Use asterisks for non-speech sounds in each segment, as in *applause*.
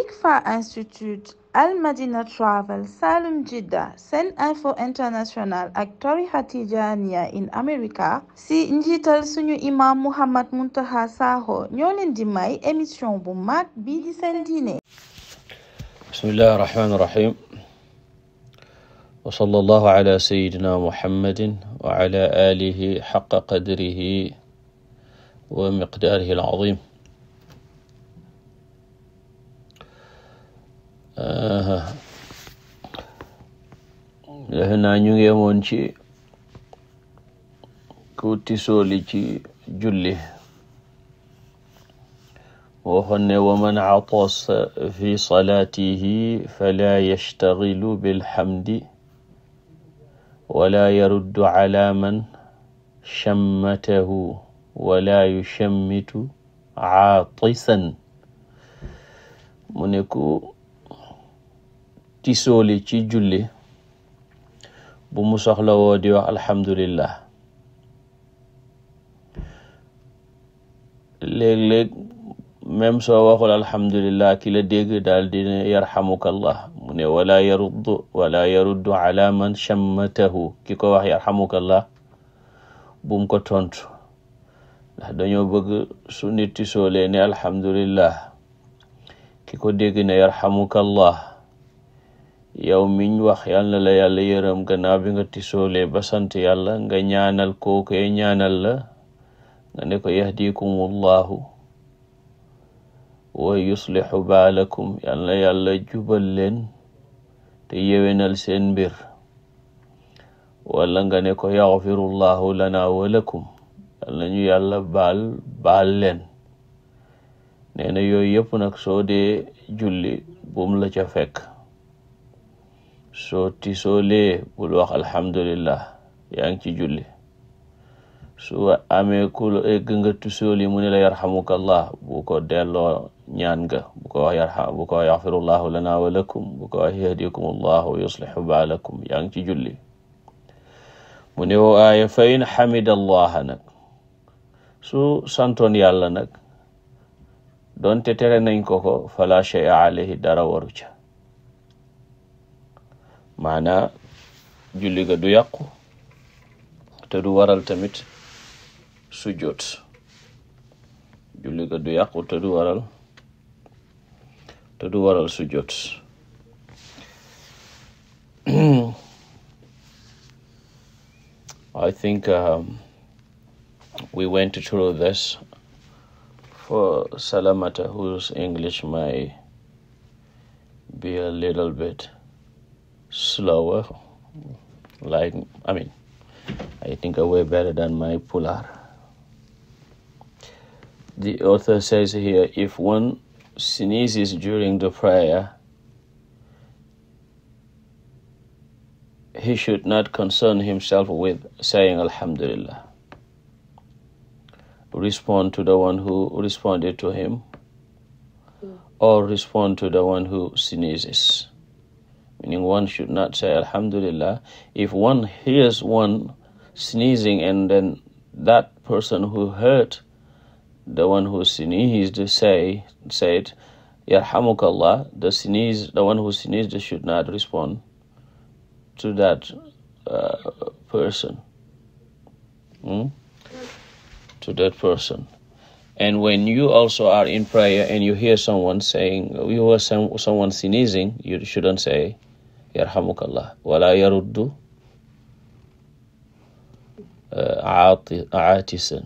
ICFA Institute Al Madina Travel Salum Jidda Sen Info International ak tarixa Tijaaniya in America si njiital suñu imam Mouhammad Muntaqa Sakho ñoo leen di may émission bu mag bii di seen diine bismillahi rahmaani rahim wa sallallahu ala sayyidina muhammadin wa ala alihi xaqa qadrihi wa miqdaarihi al-azim defe ñu yemoon ci ku tisooli ci julli waxoon ne wa man atasa fi salaatihi fala yashtagilu bilhamdi wala yaruddu ala man shammatahu wala yushammitu aatisan mu ne ku tisooli ci julli bu mu soxlawoo di wax alhamdulillah léeg-léeg même soo waxul alhamdulillah ki la dégg daal dina yarxamukallah mu ne wala yaruddu wala yaruddu man chammatahu ki ko wax yarxamukallah bum ko tontu ndax dañoo bëgg su nit tisoolee ne alhamdulillah ki ko dégg ne yarxamukallah yow miñ wax yal la yàlla yërëm gannaaw bi nga tisoolee ba sant yàlla nga ñaanal kooku eh, ñaanal la nga ne ko yahdikumullahu wa yuslihu baalakum yal na yàlla jubal leen te yewenal seen mbir wala nga ne ko yaxfirullahu lana wa lakum yal na ñu yàlla baal leen yooyu yëpp nag soo dee julli buum la ca fekk soo tisoolee bul wax alhamdulillah yaa ngi ci julli su amee ku la egg nga mu ne la yarhamuka allah bu ko delloo ñaan nga bu ko wax yarham lana wa bu ko yahdikum allah wa yuslihu baalakum yaa ci julli mu ne woo aaya fa in xamida allaha nag su santoon yàlla nag doonte tere nañ ko ko fala shay'a alayhi dara waru maanaa julli ga du yàqu te waral tamit sujjoot julli ga du yàqu te du waral te du waral sujjoot I think um, we went through this for Salamata, whose English may be a little bit slower. Like, I mean, I think a way better than my Pular. The author says here if one sneezes during the prayer, he should not concern himself with saying Alhamdulillah. Respond to the one who responded to him, or respond to the one who sneezes. meaning one should not say alhamdulillah if one hears one sneezing and then that person who heard the one who sneezed say said yarhamukallah the sneeze the one who sneezed should not respond to that uh, person hmm? to that person and when you also are in prayer and you hear someone saying you hear some, someone sneezing you shouldn't say yarhamukallah wala yaruddu uh, aati aatisan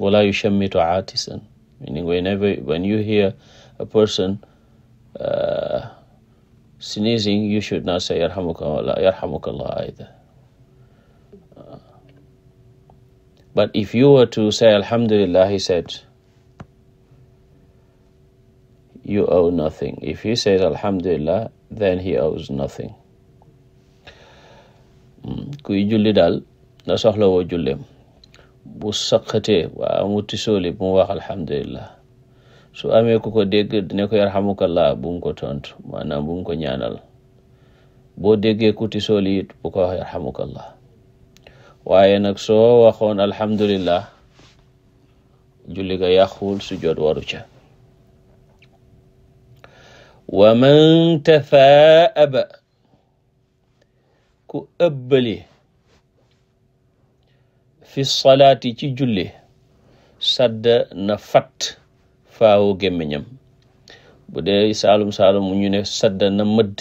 wala yushammitu aatisan meaning whenever when you hear a person uh, sneezing you should not say yarhamukallah yarhamukallah either uh, but if you were to say alhamdulillah he said you owe nothing. If he says alhamdulillah, then he owes nothing. Hmm. kuy julli daal na soxlawoo julleem bu saqatee waa mu tisooli wax alhamdulillah su amee ku ko dégg ne ko yarhamukallah bu ko tontu maanaam bu ko ñaanal boo déggee ku tisooli it bu ko wax yarhamukallah waaye nag soo waxoon alhamdulillah julli ka yàquwul su jot wa man tafaaba ku ëbbali fi salaati ci julli sadda na fat faawu gémmiñam bu dee saalum salum mu ñu ne sadda na mëdd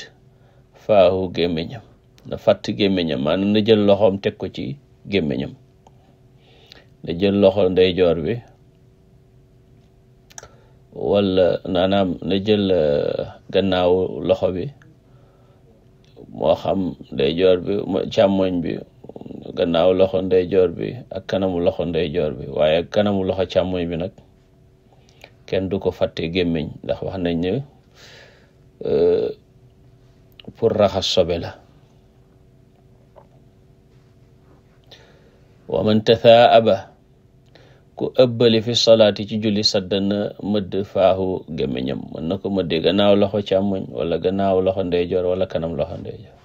faawu gémmiñam na fàtt gémmiñam maanaam na jël loxoom teg ko ci gémmiñam na jël loxo ndeyjoor bi wala naanaam na jël euh, gannaaw loxo bi moo xam ndeyjoor bi càmmoñ bi gannaaw loxo ndeyjoor bi ak kanamu loxo ndeyjoor bi waaye kanamu loxo càmmoñ bi nag kenn du ko fàtte gémmiñ ndax wax nañ ne euh, pour raxas sobe la wa man ku ëbbali fi salaati ci julli saddana mëdd faahu gémmiñam mën na ko mëddee gannaaw loxo càmmoñ wala gannaaw loxo ndeyjoor wala kanam loxo ndeyjoor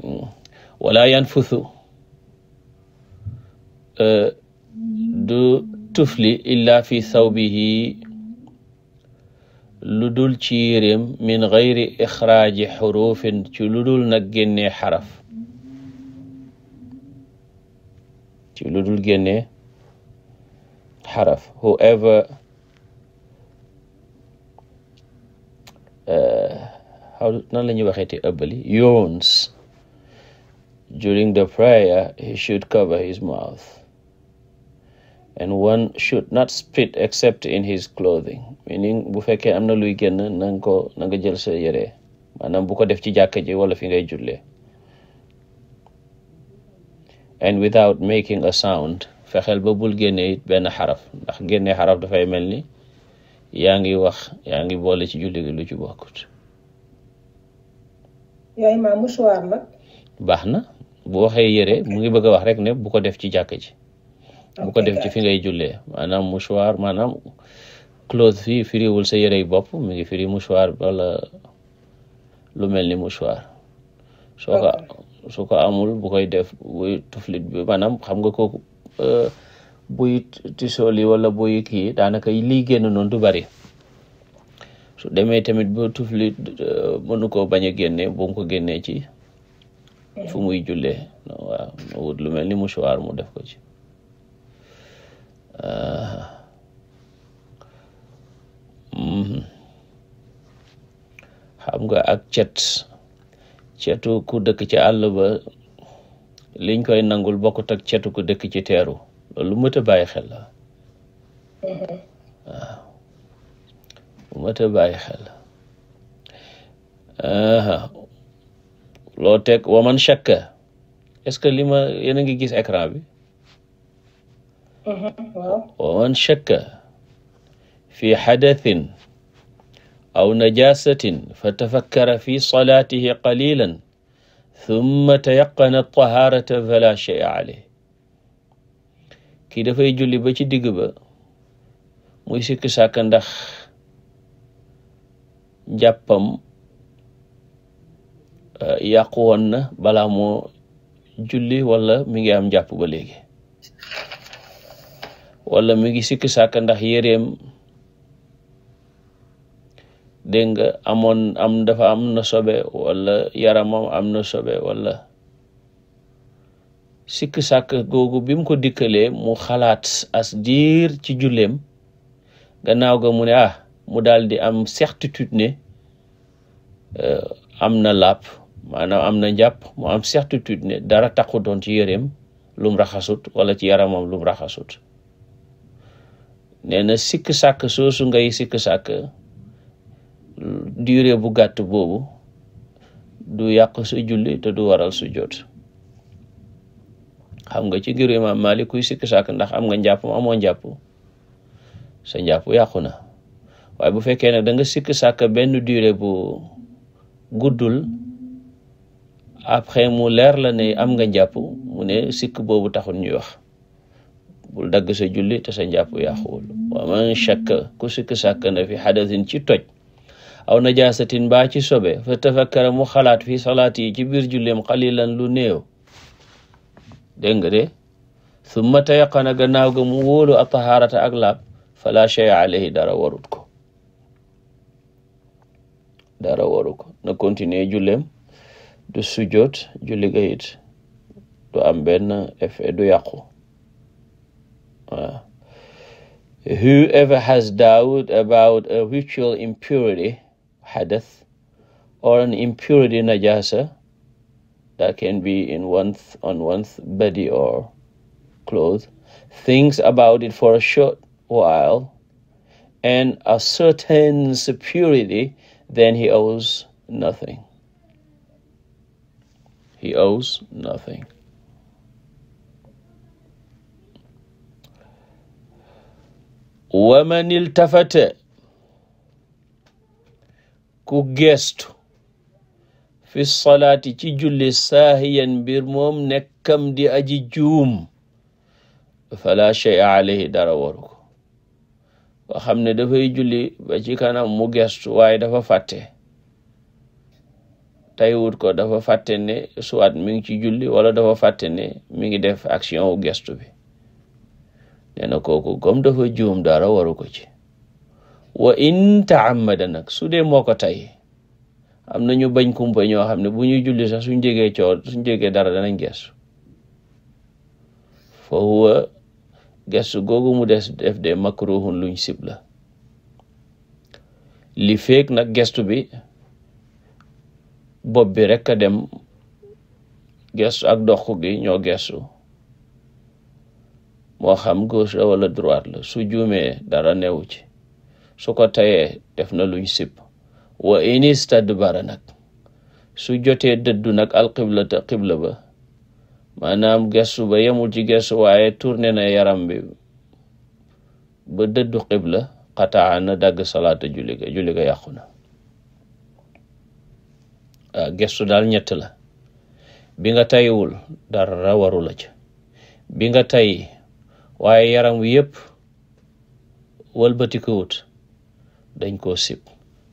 hmm. wala yanfuthu du tufli illa fi sawbihi lu dul ci yéreem min gayri ixraaji xurufin ci lu dul nag génnee xaraf ci lu dul génne xaraf whoever uh, nan la ñuy waxeeti ëbbali yawns during the prayer he should cover his mouth and one should not spit except in his clothing meaning bu fekkee am na luy génn na nga ko na nga jël sa yére maanaam bu ko def ci jàkka ji wala fi ngay jullee and without making a sound fexeel ba bul génnee it benn xaraf ndax génnee xaraf dafay mel ni yaa ngi wax yaa ngi boole ci julli gi lu ci bokkut. yaay ma musuwaar nag. baax na bu waxee yére mu ngi bëgg a wax rek ne bu ko def ci jàkk ji. bu ko def ci fi ngay jullee maanaam musuwaar maanaam cloth fii firiwul sa yére yi bopp mi ngi firi musuwaar wala lu mel ni musuwaar su ko amul bu koy def buy tuflit bi maanaam xam nga ko euh, buy tisool wala buy kii daanaka liy génn noonu du bari su demee tamit ba tuflit euh, mënu koo bañ a génne bu ko génnee ci fu muy jullee waaw mu lu mel ni mouchoir mu def ko ci euh, mm-hmm. xam nga ak cet cetu ku dëkk ci àll ba liñ koy nangul bokkut ak ceetu ku dëkk ci teeru loolu mët a bàyyi xel la waaw mët a bàyyi xel loo teg waman shakka est-ce que li ma yéen a ngi gis écran bi mhm, waman shakka fi hadathin aw najasatin fa tafakkara fi salaatihi qalilan thumma tayaqana tahaarata fala shay'a alayh kii dafay julli ba ci digg ba muy sikki sàkk ndax njàppam eh, yàqu woon na balaa moo julli wala mi ngi am njàpp ba léegi wala mi ngi sikki sàkk ndax yéreem dégg nga amoon am dafa am na sobe wala yaramam am na sobe wala sikk sàkk googu bi mu ko dikkalee mu xalaat as diir ci julleem gannaaw ga mu ne ah mu daal di am certitude ne euh, am na làpp maanaam am na njàpp mu am certitude ne dara taqutoon ci yëreem lum raxasut wala ci yaramam lum raxasut nee na sikk sàkk soosu ngay sikk sàkk durée bu gàtt boobu du yàq sa julli te du waral su jot xam nga ci ngir imaam Maalik kuy sikk sàkk ndax am nga njàpp amoo njàpp sa njàpp yàqu na waaye bu fekkee nag danga nga sikk sàkk benn durée bu guddul après mu leer la ne am nga njàpp mu ne sikk boobu taxul ñuy wax bul dagg sa julli te sa njàpp yàquwul wa man shakka ku sikk sàkk na fi xadasin ci toj aw najaasatin mbaa ci sobe fa tafakkara mu xalaat fi salaati yi ci biir julleem xalilan lu néew dégg nga de summa tayaqana gannaaw ga mu wóolu a tahaarata ak laab fala shay alayhi dara warut ko dara waru ko na continuer julleem du sujjoot julli ga it du am benn du yàqu waaw whoever has doubt about a ritual impurity hadath or an impurity najasa that can be in one's on one's body or clothes thinks about it for a short while and ascertains the purity then he owes nothing he owes nothing waman iltafata ku geestu fi salaati ci julli saahiyan mbir moom nekkam di aji juum fala shay'a alayhi dara waru ko nga xam ne dafay julli ba ci kanam mu gestu waaye dafa fàtte tey wut ko dafa fàtte ne soit mi ngi ci julli wala dafa fàtte ne mi ngi def action gestu bi nee na kooku comme dafa juum dara waru ko ci wa in taamada nag su dee moo ko tey am na ñu bañ kumpa ñoo xam ne bu ñuy julli sax suñ jegee coow suñ jegee dara danañ gestu fa huwa gestu googu mu des def de makruhun luñ sibla li feek nag gestu bi bopp bi rek a dem gestu ak dox gi ñoo gestu moo xam gauche la wala droite la su juumee dara newu ci su ko tayee def na luñ sib wa inis tadbara nag su jotee dëddu nag alqibla te qibla ba maanaam gestu ba yemul ci gestu waaye tourné na yaram bi ba dëddu qibla xataa na dagg salaat julli ga julli ga yàqu na waaw ah, gestu daal ñett la bi nga tayiwul dara warula ci bi nga tay waaye yaram wi yëpp wëlbatikuwut dañ koo sib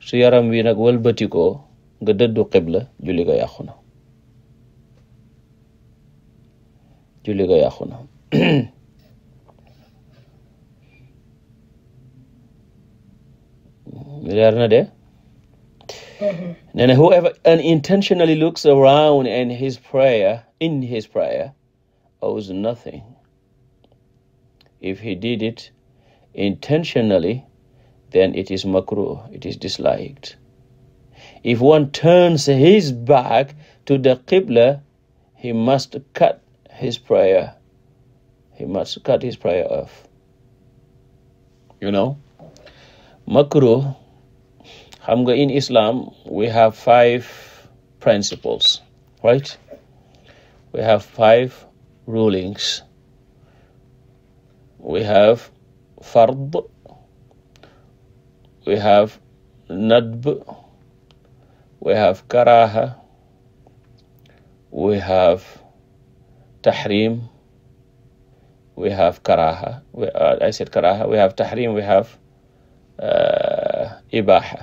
su yaram wi nag wëlbatikoo nga dëddu xibla julli ga yàqu na julli ga yàqu na *coughs* leer na de mm-hmm. nee whoever unintentionally looks around in his prayer owes nothing if he did it intentionally then it is makruh, it is disliked. If one turns his back to the Qibla, he must cut his prayer. He must cut his prayer off. You know, makruh, xam nga in Islam, we have five principles, right? We have five rulings. We have fard we have nadb we have karaha we have tahrim we have karaha uh, I said karaha we have tahrim we have uh,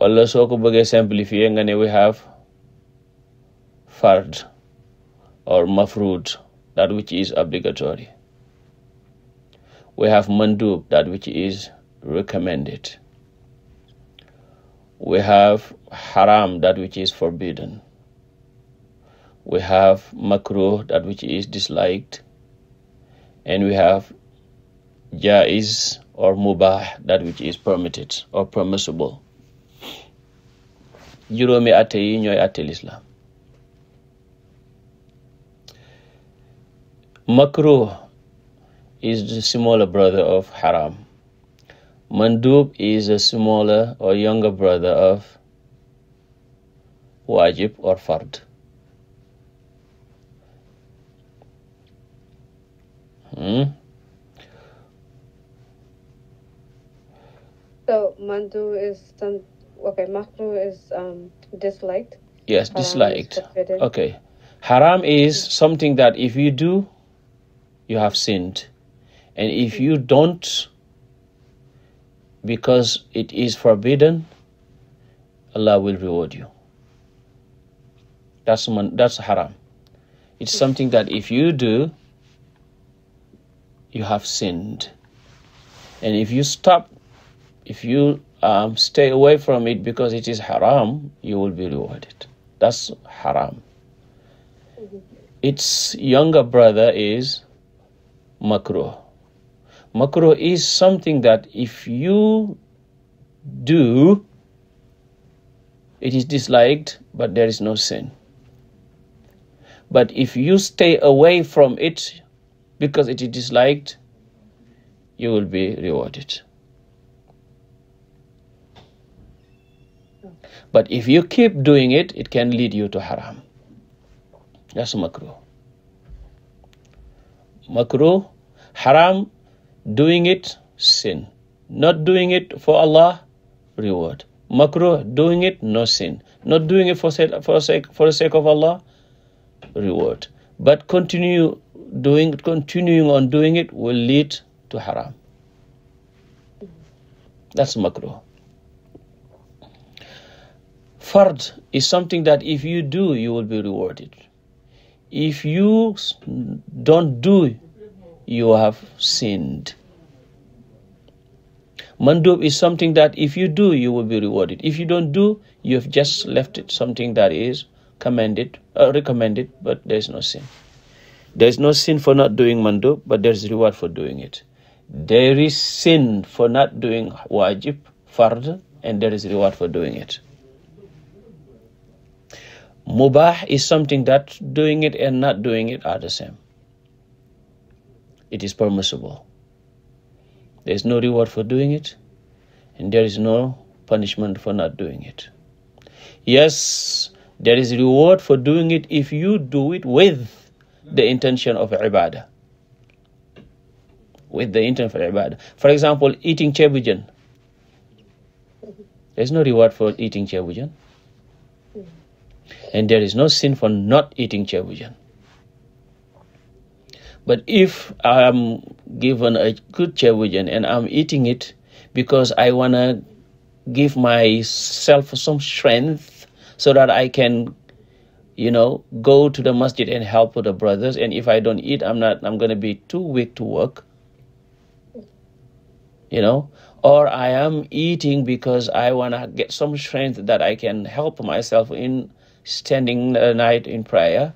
wala soo ko bëggee simplifier nga ne we have fard or mafrud that which is obligatory we have mandub that which is recommended. We have haram, that which is forbidden. We have makruh, that which is disliked. And we have jaiz or mubah, that which is permitted or permissible. juróomi atte yi ñooy atte lislaam makruh is the smaller brother of haram Mandub is a smaller or younger brother of wajib or fard. Hmm? So Mandub is some okay, makruh is um, disliked. Yes, Haram disliked. Okay. Haram is something that if you do, you have sinned. And if hmm. you don't because it is forbidden, Allah will reward you. That's, man, that's haram. It's something that if you do, you have sinned. And if you stop, if you um, stay away from it because it is haram, you will be rewarded. That's haram. Its younger brother is makruh. Makruh is something that if you do, it is disliked, but there is no sin. But if you stay away from it because it is disliked, you will be rewarded. But if you keep doing it, it can lead you to haram. That's makruh. Makruh, haram doing it sin not doing it for Allah reward makruh doing it no sin not doing it for sake, for sake, for the sake of Allah reward but continue doing continuing on doing it will lead to haram that's makruh fard is something that if you do you will be rewarded if you don't do you have sinned. Mandub is something that if you do, you will be rewarded. If you don't do, you have just left something that is uh, recommended, but There is no sin for not doing mandub, but there is reward for doing it. There is sin for not doing wajib, fard, and there is reward for doing it. Mubah is something that doing it and not doing it are the same. it is permissible. There is no reward for doing it, and there is no punishment for not doing it. Yes, there is reward for doing it if you do it with the intention of ibadah. With For example, eating ceebu there is no reward for eating ceebu and there is no sin for not eating ceebu But if I'm given a good cevijan and I'm eating it because I want to give myself some strength so that I can, you know, go to the masjid and help the brothers. And if I don't eat, I'm not, I'm going to be too weak to work, you know. Or I am eating because I want to get some strength that I can help myself in standing the night in prayer.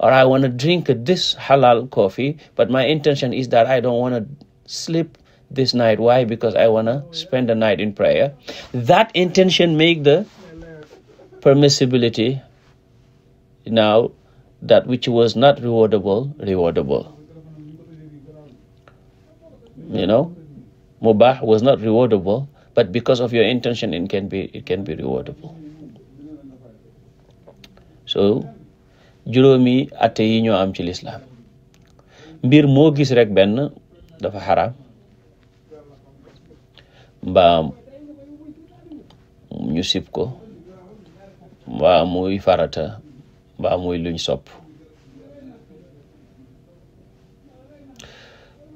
or I want to drink this halal coffee, but my intention is that I don't want to sleep this night. Why? Because I want to spend the night in prayer. That intention make the permissibility now that which was not rewardable, rewardable. You know, mubah was not rewardable, but because of your intention, it can be it can be rewardable. So juróomi ate yi ñoo am ci lislaam mbir moo gis rek benn dafa xaraam mbaa ñu sib ko mbaa farata mbaa muy luñ sopp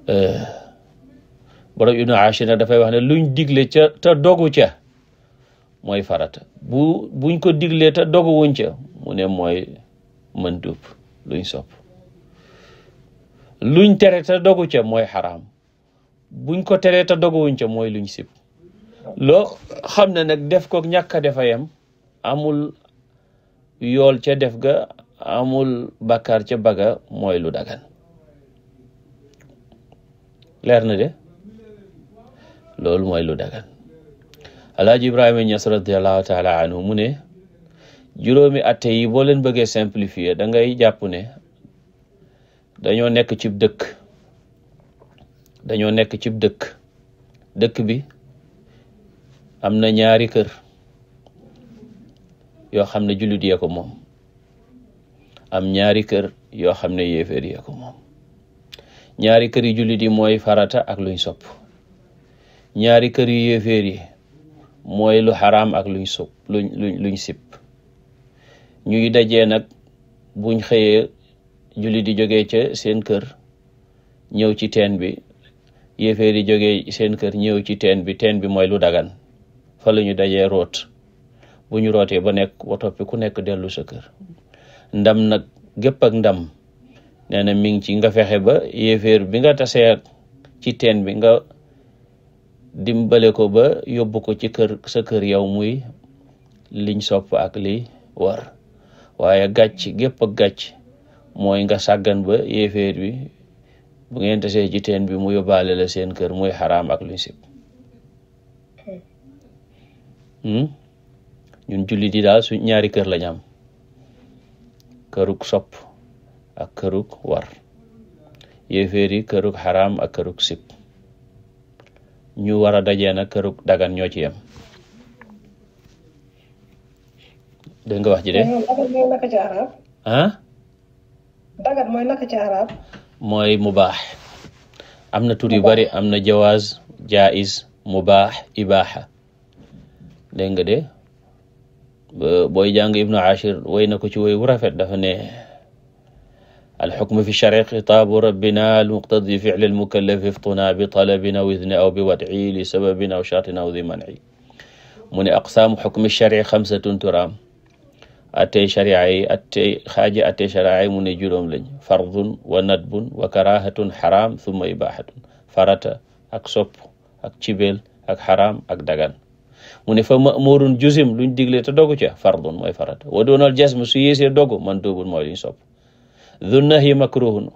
eh, borom ibnu Ashir nag dafay wax ne luñ digle ca te dogu ca mooy farata bu buñ ko digle te dogu wuñ ca mu ne mooy mën duub luñ sopp luñ tere te dogu ca mooy xaraam buñ ko teree te doguwuñ ca mooy luñ sib loo xam ne nag def ko ñàkk a defa yam amul yool ce def ga amul bakkaar ca baga mooy lu dagan leer na de loolu mooy lu dagan alaaji ibrahima ñas radiallahu taala anhu mu ne juróomi atte yi boo leen bëggee simplifier da ngay jàpp ne dañoo nekk ci dëkk dañoo nekk cib dëkk dëkk bi am na ñaari kër yoo xam ne jullit yee ko moom am ñaari kër yoo xam ne yéeféer yee moom ñaari kër yu jullit yi mooy farata ak luñ sop ñaari kër yu yéeféer yi mooy lu xaraam ak luñ luñ sip ñuy daje nag buñ xëyee julli di jóge ca seen kër ñëw ci teen bi yéeféer di jógee seen kër ñëw ci teen bi teen bi mooy lu dagan fa lañu ñu dajee root bu ñu rootee ba nekk ba toppi ku nekk dellu sa kër ndam nag gépp ak ndam nee na mi ngi ci nga fexe ba yéeféer bi nga tasee ci teen bi nga dimbale ko ba yóbbu ko ci kër sa kër yow muy liñ sopp ak li war waaye gàcc gépp ak gàcc mooy nga sàggan ba yéeféer bi bu ngeen tasee ci teen bi mu yóbbaale la seen kër mooy xaraam ak luñ hmm? ñun jullit yi daal su ñaari kër la am kërug sopp ak kërug war yéeféer yi kërug xaraam ak kërug sib ñu war a dajee nag kërug dagan ñoo ci yem dégg nga wax ji de. mooy naka ci arab. ah. dagat mooy naka ci arab. mooy mubaax am na tur yu bari am na jawaaz jaais mubaax ibaaxa dégg nga de booy jàng ibnu ashir way na ko ci way wu rafet dafa ne alxukmu fi shari xitaabu rabbina almuqtadi ficli almukallafi iftuna bi talabin aw idni aw bi wadci li sababin aw shartin aw di manci mu ne aqsaamu xukmi shari xamsatun turaam attey sharia yi attey xaaji attey sharia yi mu ne juróom lañ fardun wa nadbun wa karahatun xaraam summa ibahatun farata ak sop ak cibel ak xaraam ak dagan mu ne fa ma'murun jusim luñ digle te dogu ca fardun mooy farata wa doonal jasm su yéesee dogu man doobul mooy luñ sopp dun nahyi makruhun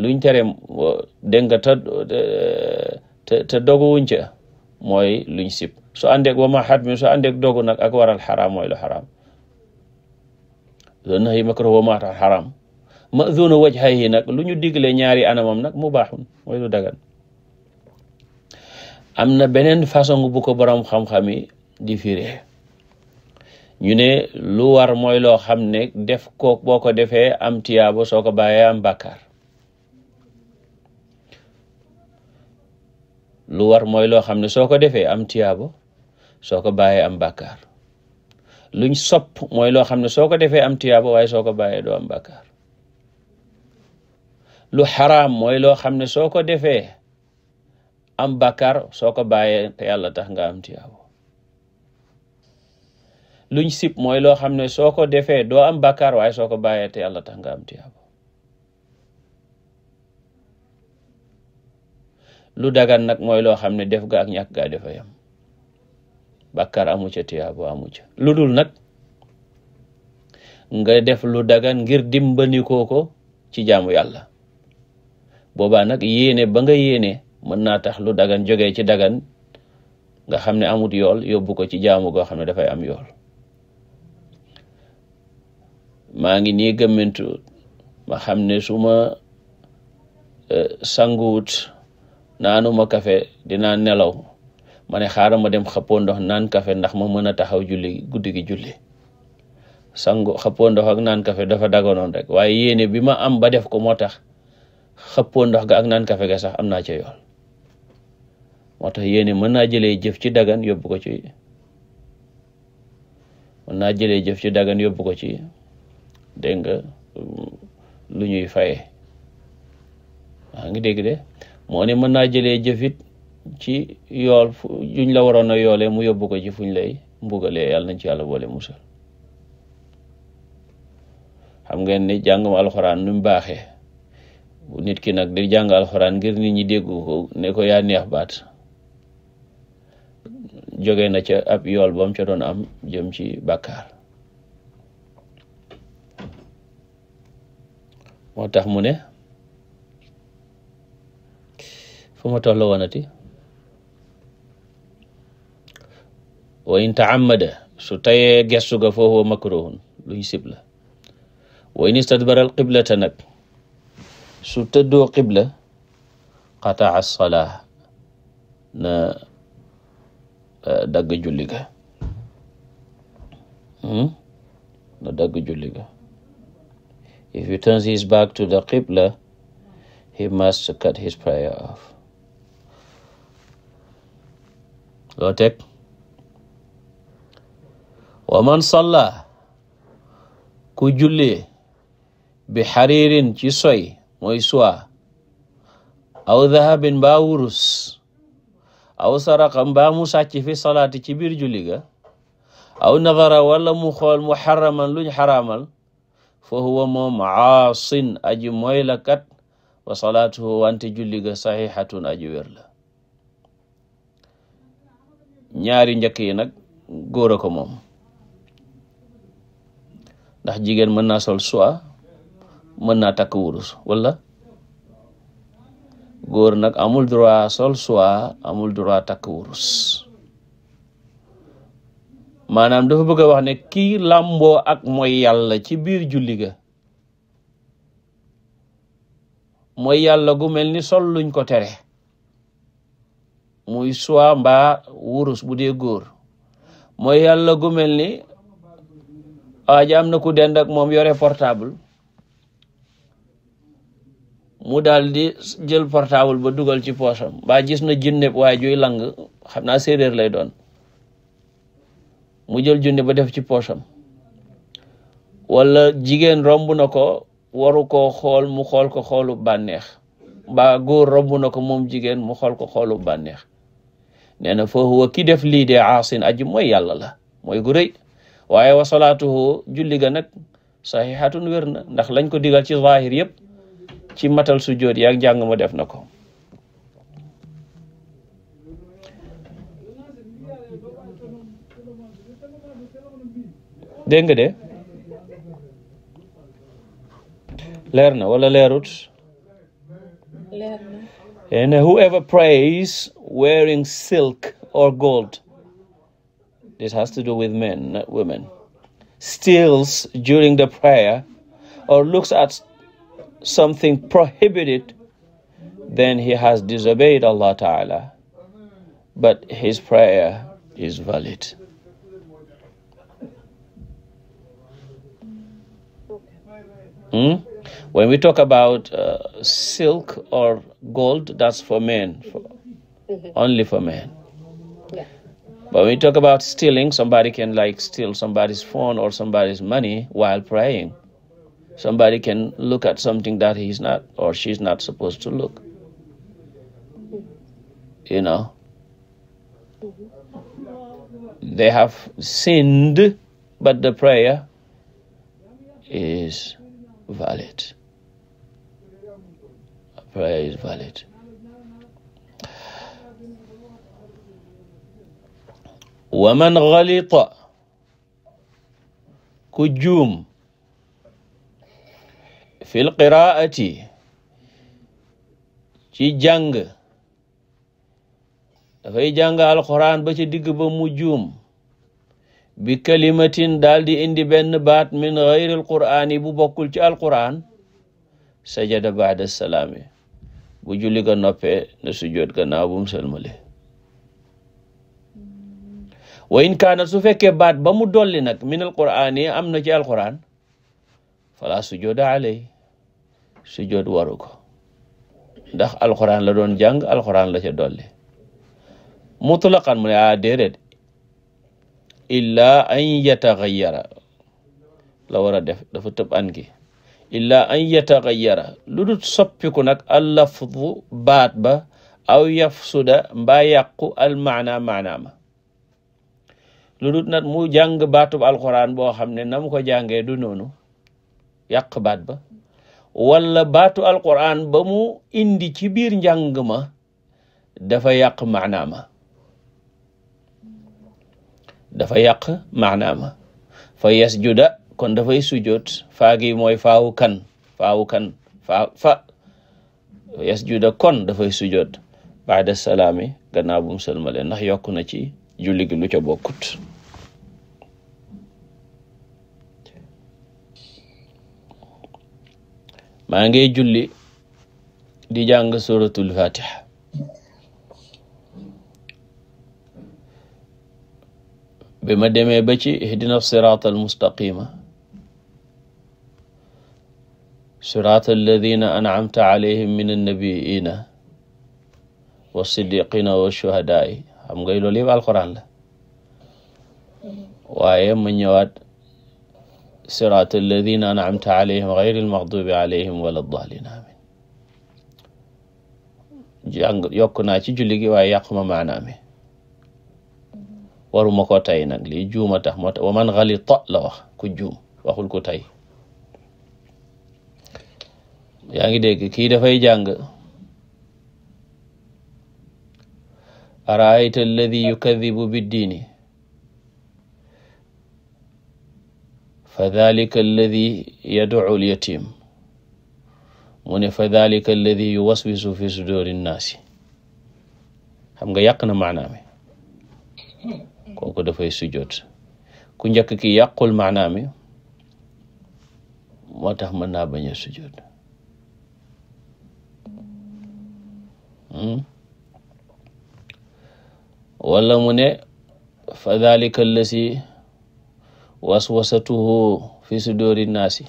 luñ tere dégg nga te te ca mooy luñ sib su àndeeg wa ma xat mi su àndeeg dogu nag ak waral xaraam mooy lu xaraam zone na yi makruh moo tax xaram ma zone wajhayi nag lu ñu digle ñaari anamam nag mu baaxun mooy lu dagan am na beneen façon bu ko borom xam-xam yi di firee ñu ne lu war mooy loo xam ne def ko boo ko defee am tiyaabo soo ko bàyyee am bàkkaar lu war mooy loo xam ne soo ko defee am tiyaabo soo ko bàyyee am bàkkaar luñ sop mooy loo xam ne soo ko defee am tiyaaba waaye soo ko bàyyee doo am bàkkaar lu xaraam mooy loo xam ne soo ko defee am bakar soo ko bàyyee te yàlla tax nga am tiyaaba luñ sib mooy loo xam ne soo ko defee doo am bàkkaar waaye soo ko bàyyee te yàlla tax nga am tiyaaba lu dagan nag mooy loo xam ne def ga ak ñàkk gaa yam bàkkaar amu ca tiyaabo amu lu dul nag nga def lu dagan ngir dimbanikoo ko ci jaamu yàlla boobaa nag yéene ba nga yéene mën naa tax lu dagan jógee ci dagan nga xam ne amut yool yóbbu ko ci jaamu goo xam ne dafay am yool maa ngi nii gëmmintu ma xam ne suma ma eh, sanguwut naanuma kafe dinaa nelaw ma ne ma dem xappoo ndox naan kafe ndax ma mën a taxaw julli guddi gi julli sango xappoo ndox ak naan kafe dafa dagonoon rek waaye yéene bi ma am ba def ko moo tax xappoo ndox ga ak naan kafe ga sax am naa ca yoon moo tax yéene mën naa jëlee jëf ci dagan yóbbu ko ci mën naa jëlee jëf ci dagan yóbbu ko ci dégg nga lu ñuy faye waa ngi dégg de moo ne mën naa jëlee jëfit ci yool fu juñ la waroon a yoolee mu yóbbu ko ci fuñ lay mbugalee yàlla nañ ci yàlla boole musal xam ngeen ni jàngum alxuraan nu mu baaxee nit ki nag di jàng alxuraan ngir nit ñi déggu ko ne ko yaa neex baat jóge na ca ab yool boom ca doon am jëm ci bàkkaar moo tax mu ne fu ma toll woonati wa in taamada su tayee gestu ga fa huwa makruhun luñ sib in istadbaral qiblata nag su tëddoo qibla qataa salaa na eh, hmm? na dagg julli if he turns his back to the qibla he must cut his prayer off wa man salla ku julli bi xariirin ci soy mooy suwa aw dahabin mbaa wurus aw saraqa mbaa mu fi salaati ci biir julli ga aw nadara wala mu xool muxaraman luñ xaraamal fa huwa moom aasin aji mooy kat wa salaatuhu wante julli ga aji wér ñaari njëkk yi nag moom ndax jigéen mën naa sol soie mën naa takk wurus wala góor nag amul droit sol soie amul droit takk wurus maanaam dafa bëgg a wax ne kii làmboo ak mooy yàlla ci biir julli ga mooy yàlla gu mel ni sol luñ ko tere muy soie mba wurus bu dee góor mooy yàlla ni a ji na ku dend ak moom yore portable mu daal di jël portable ba dugal ci poosam ba gis na junne waaye juy lang xam naa séeréer lay doon mu jël junne ba def ci poosam wala jigéen romb na ko waru ko xool mu xool ko xoolu bànneex ba góor romb na ko moom jigéen mu xool ko xoolu banneex nee na fa ki def lii dee aasin aji mooy yàlla la mooy gu rëy waaye wa salaatuhu julli ga nag saxihatun wér na ndax lañ ko digal ci zahir yëpp ci matal sujjóot yaag njàng ma def na ko dégg nga de leer na wala leerut whoever prays wearing silk or gold This has to do with men, not women. Steals during the prayer or looks at something prohibited, then he has disobeyed Allah Ta'ala. But his prayer is valid. Hmm? When we talk about uh, silk or gold, that's for men, for, mm-hmm. only for men. But when you talk about stealing, somebody can like steal somebody's phone or somebody's money while praying. Somebody can look at something that he's not or she's not supposed to look. You know, they have sinned, but the prayer is valid. Prayer is valid. wa man xalita ku juum fil qiraati ci jàng dafay jàng alquran ba ci digg ba mu juum bi kalimatin daal di indi benn baat min xayri alqurani bu bokkul ci alquran sajada baada salaami bu julli ga noppee na sujjoot gannaaw bu mu salmale wa in kaana su fekkee baat ba mu dolli nag min alquraan yi am na ci alquraan fala sujooda alay sujood waru ko ndax alquraan la doon jàng alquraan la ca dolli mutlaqan mu ne a ah, déedéet illaa an yataxayyara la war a def dafa tëb an gi illaa an yataxayyara lu dul soppiku nag allafdu baat ba aw yafsuda mbaa yàqu almaana maanaama lu dut nag mu jàng baatub alquran boo xam ne namu mu ko jàngee du noonu yàq baat ba wala baatu alquran ba mu indi ci biir njàng ma dafa yàq maanaama dafa yàq maanaama fa yasjuda kon dafay sujoot mooy faawu kan faawu fa fa yasjuda kon dafay sujoot baada salaami gannaaw bu mu sëlmale ndax yokk na ci julli gi lu ca bokkut maa ngay julli di jàng suratul fatiha bi ma demee ba ci ihdina sirata almustaqima sirata alladina an'amta alayhim min annabiina wa siddiqina wa shuhadaai xam ngay loolu yëpp alquran la waaye ma ñëwaat siraat alladina an'amta alayhim gayri almaxdubi alayhim wala ddaalliin amin jàng yokk naa ci julli gi waaye yàquma maanaa mi waruma ko tay nag lii juuma tax moo tax wa man xalita la wax ku juum waxul ku tay yaa ngi dégg kii dafay jàng araayta alladi yukadibu biddiini fa dalika alladi yad'u lyatim mu ne fa dalika alladi yuwaswisu fi suduri nnaasi xam nga yàq na maanaam kooku dafay sujjoot ku njëkk ki yàqul maanaam moo tax ma naa bañ a sujjoot hmm? wala mu ne fa dalika allasi waswasatuhu fi suduri naasi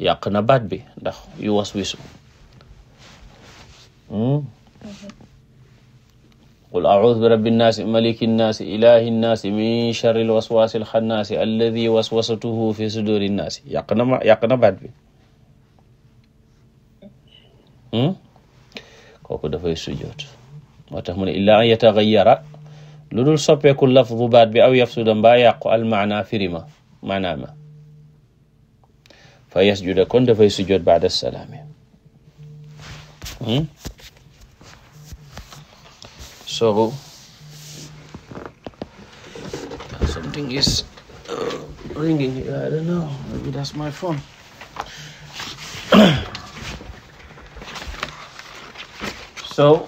yàq na baat bi ndax yu waswisu hmm? qul audu bi rabbi nnaasi maliki nnaasi ilahi nnaasi min charri lwaswaasi lxannaasi alladi waswasatuhu fi suduri nnaasi yàq na ma yàq na baat bi hmm? kooku dafay sujjoot moo tax mu ne illaa an yataxayyara lu dul soppeeku laf bu baat bi aw yafsuda mbaa yàqu almaana firima maanaama fa yasjuda kon dafay sujjoot baada salaami hmm? so something is uh, ringing here. I don't know. Maybe that's my phone. *coughs* so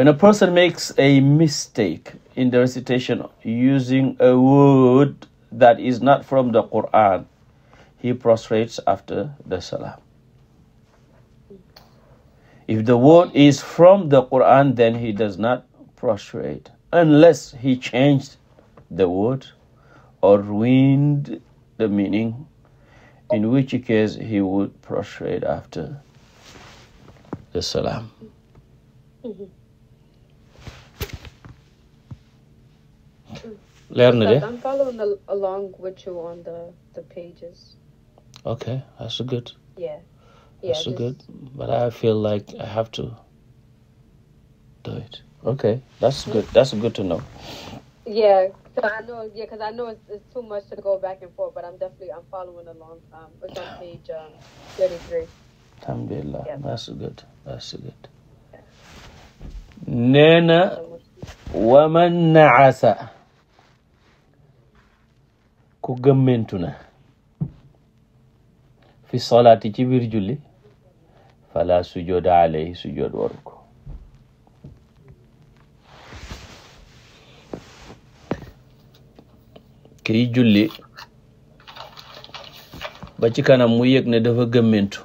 When a person makes a mistake in the recitation using a word that is not from the Quran, he prostrates after the salam. If the word is from the Quran, then he does not prostrate unless he changed the word or ruined the meaning, in which case he would prostrate after the salam. Mm-hmm. leer na de I'm following along with you on the the pages. okay that's good. yeah yeah that's good but I feel like I have to do it. okay that's good that's good to know. yeah because I know yeah because I know it's, it's too much to go back and forth but I'm definitely I'm following along um, it's on page um, 33. alhamdulillah yeah. that's good that's good. nee na waman naasa ku gëmmentu na fi solaati ci biir julli fala sujooda aley sujood waru ko julli ba ci kanam mu yëg ne dafa gëmmentu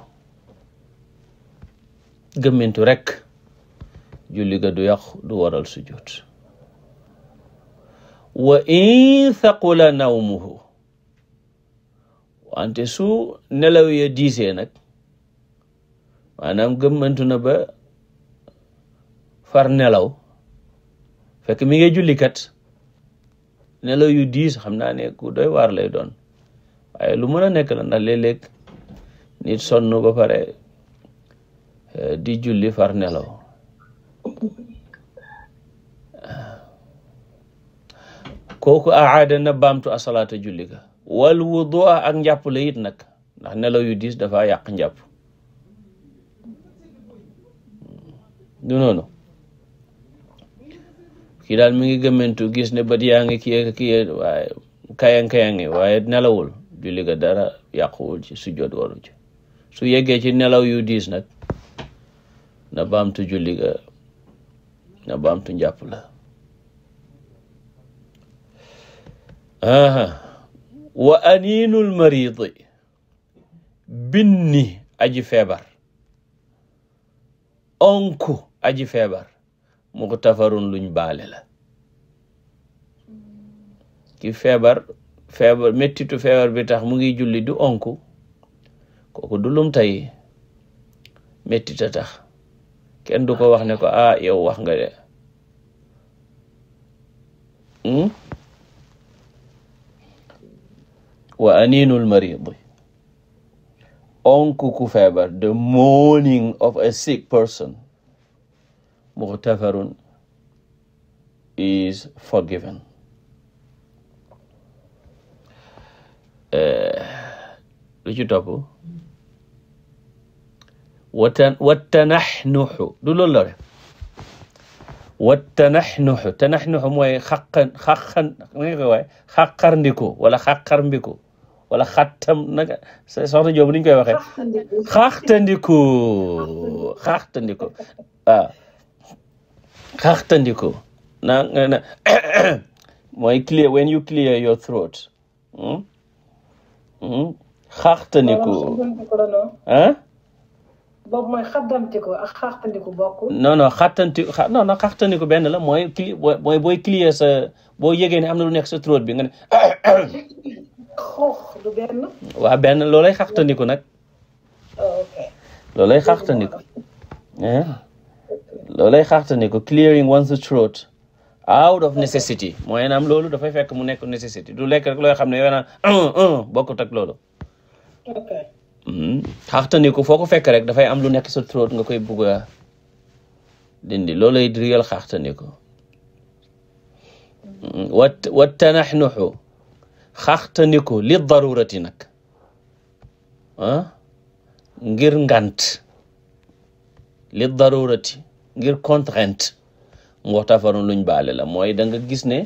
gëmmintu rekk julli ga du yàqu du waral sujud wa in thaqula nawmuhu ante su nelaw ye diisee nag maanaam gëmmantu na ba far nelaw fekk mi ngay jullikat nelaw yu diis xam naa ne ku doy waar lay doon waaye lu mën a nekk la ndax léeg-léeg nit sonn pare eh, di julli far nelaw kooku aada na baamtu asalaata julli ga wal wudu ak njàpp la it nag ndax nelaw yu diis dafa yàq njàpp hmm. du noonu kii daal mi ngi gëmmentu gis ne bët yaa ngi kii kii waaye kayang kayang waaye nelawul julli ga dara yàquwul ci sujjoot waru ci su yeggee ci nelaw yu diis nag na baamtu julli ga na baamtu njàpp la wa aniinul maridi binni aji feebar onku aji feebar muxtafarun luñ baale la ki feebar feebar mettitu feebar bi tax mu ngi julli du onku kooku du lum tey mettita tax kenn du ko wax ne ko ah yow wax nga de hmm? wa aninul marid onku ku feebar the mourning of a sick person mughtafarun is forgiven eh, lu ci topp wata mooy xaqan wala xaqarmbiku wala xattam naka soxna Joob ni ñu koy waxee xaaxtandiku xaaxtandiku ah. waaw xaaxtandiku na na *coughs* mooy clear when you clear your throat hmm? hmm? xaaxtandiku ah boobu mooy xattandiku ak benn la mooy clear mooy clear sa boo yëgee ne am na lu nekk sa throat bi nga ne *coughs* *coughs* xoox du benn. waaw benn loolay xaxtandiku nag. Oh, ok loolay xaxtandiku. Eh? loolay xaxtandiku clearing one's throat out of necessity mooy naam loolu dafay fekk mu nekk necessity du lekk rek looy xam ne yow naa un un bokkut ak loolu. ok. Hmm. xaxtandiku foo ko fekk rek dafay am lu nekk sa throat nga koy bugg a dindi loolay real xaxtandiku. Hmm. wat wat tanaxnuxu xaxtaniku li darurati nag ah ngir ngant li darurati ngir contrainte ngooxtafaroon luñ baale la mooy da nga gis ne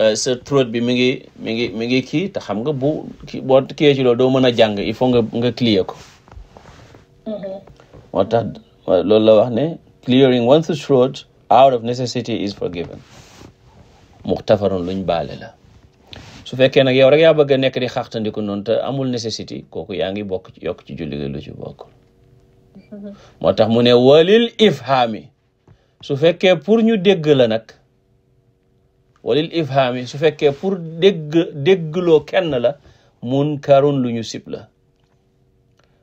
euh, sa throat bi mi ngi mi ngi mi ngi kii te xam nga bu kii boo loolu doo mën a jàng il nga nga clear ko mm-hmm. moo tax loolu la wax ne clearing one's throat out of necessity is forgiven muxtafaroon luñ baale la su fekke nag yow rek yaa bëgg a nekk di xaxtandiku noonu te amul nécessité kooku yaa ngi bokk ci yokk ci julli gi lu ci bokk moo tax mu ne walil ifhaami su fekkee pour ñu dégg la nag walil ifhaami su fekkee pour dégg déggloo kenn la munkarun lu ñu sib la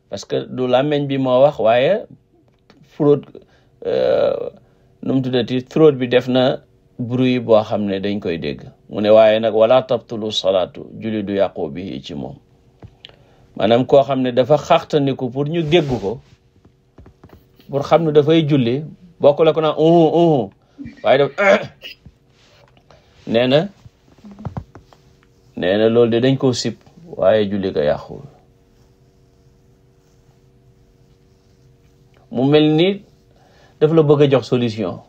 parce que du làmmeñ bi moo wax waaye fraude euh, nu mu tuddati fraude bi def na bruit boo xam ne dañ koy dégg mu ne waaye nag wala tabtulu salaatu julli du yàqu bi ci moom manam koo xam ne dafa xaxtaniku pour ñu dégg ko pour xam ne dafay julli bokk la ko naan uhu waaye daf *coughs* nee na nee na loolu de dañ koo sip waaye julli ko yàquwul mu mel ni daf la bëgg a jox solution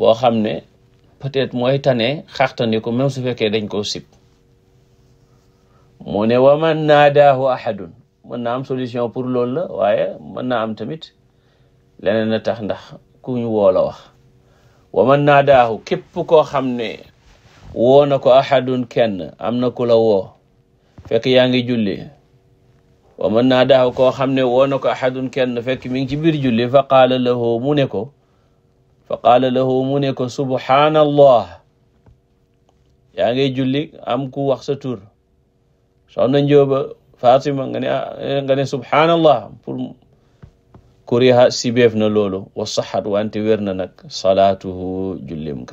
boo xam ne peut-être mooy tane xaxtandiku même su fekkee dañ koo sib mu ne wa man naadaahu ahadun mën na am solution pour loolu la waaye mën naa am tamit leneen a tax ndax ku ñu woo la wax wa man naadaahu képp koo xam ne woo na ko ahadun kenn am na ku la woo fekk yaa ngi julli wa man naadaahu koo xam ne woo na ko ahadun kenn fekk mi ngi ci biir julli fa qaala lahu mu ne ko fa qaala lahu mu ne ko subhaanallah yaa julli am ku wax sa tur soxna Njóoba Fatima nga ne nga ne subhaanallah pour sibeef na loolu wa saxat wante wér na nag salaatuhu jullim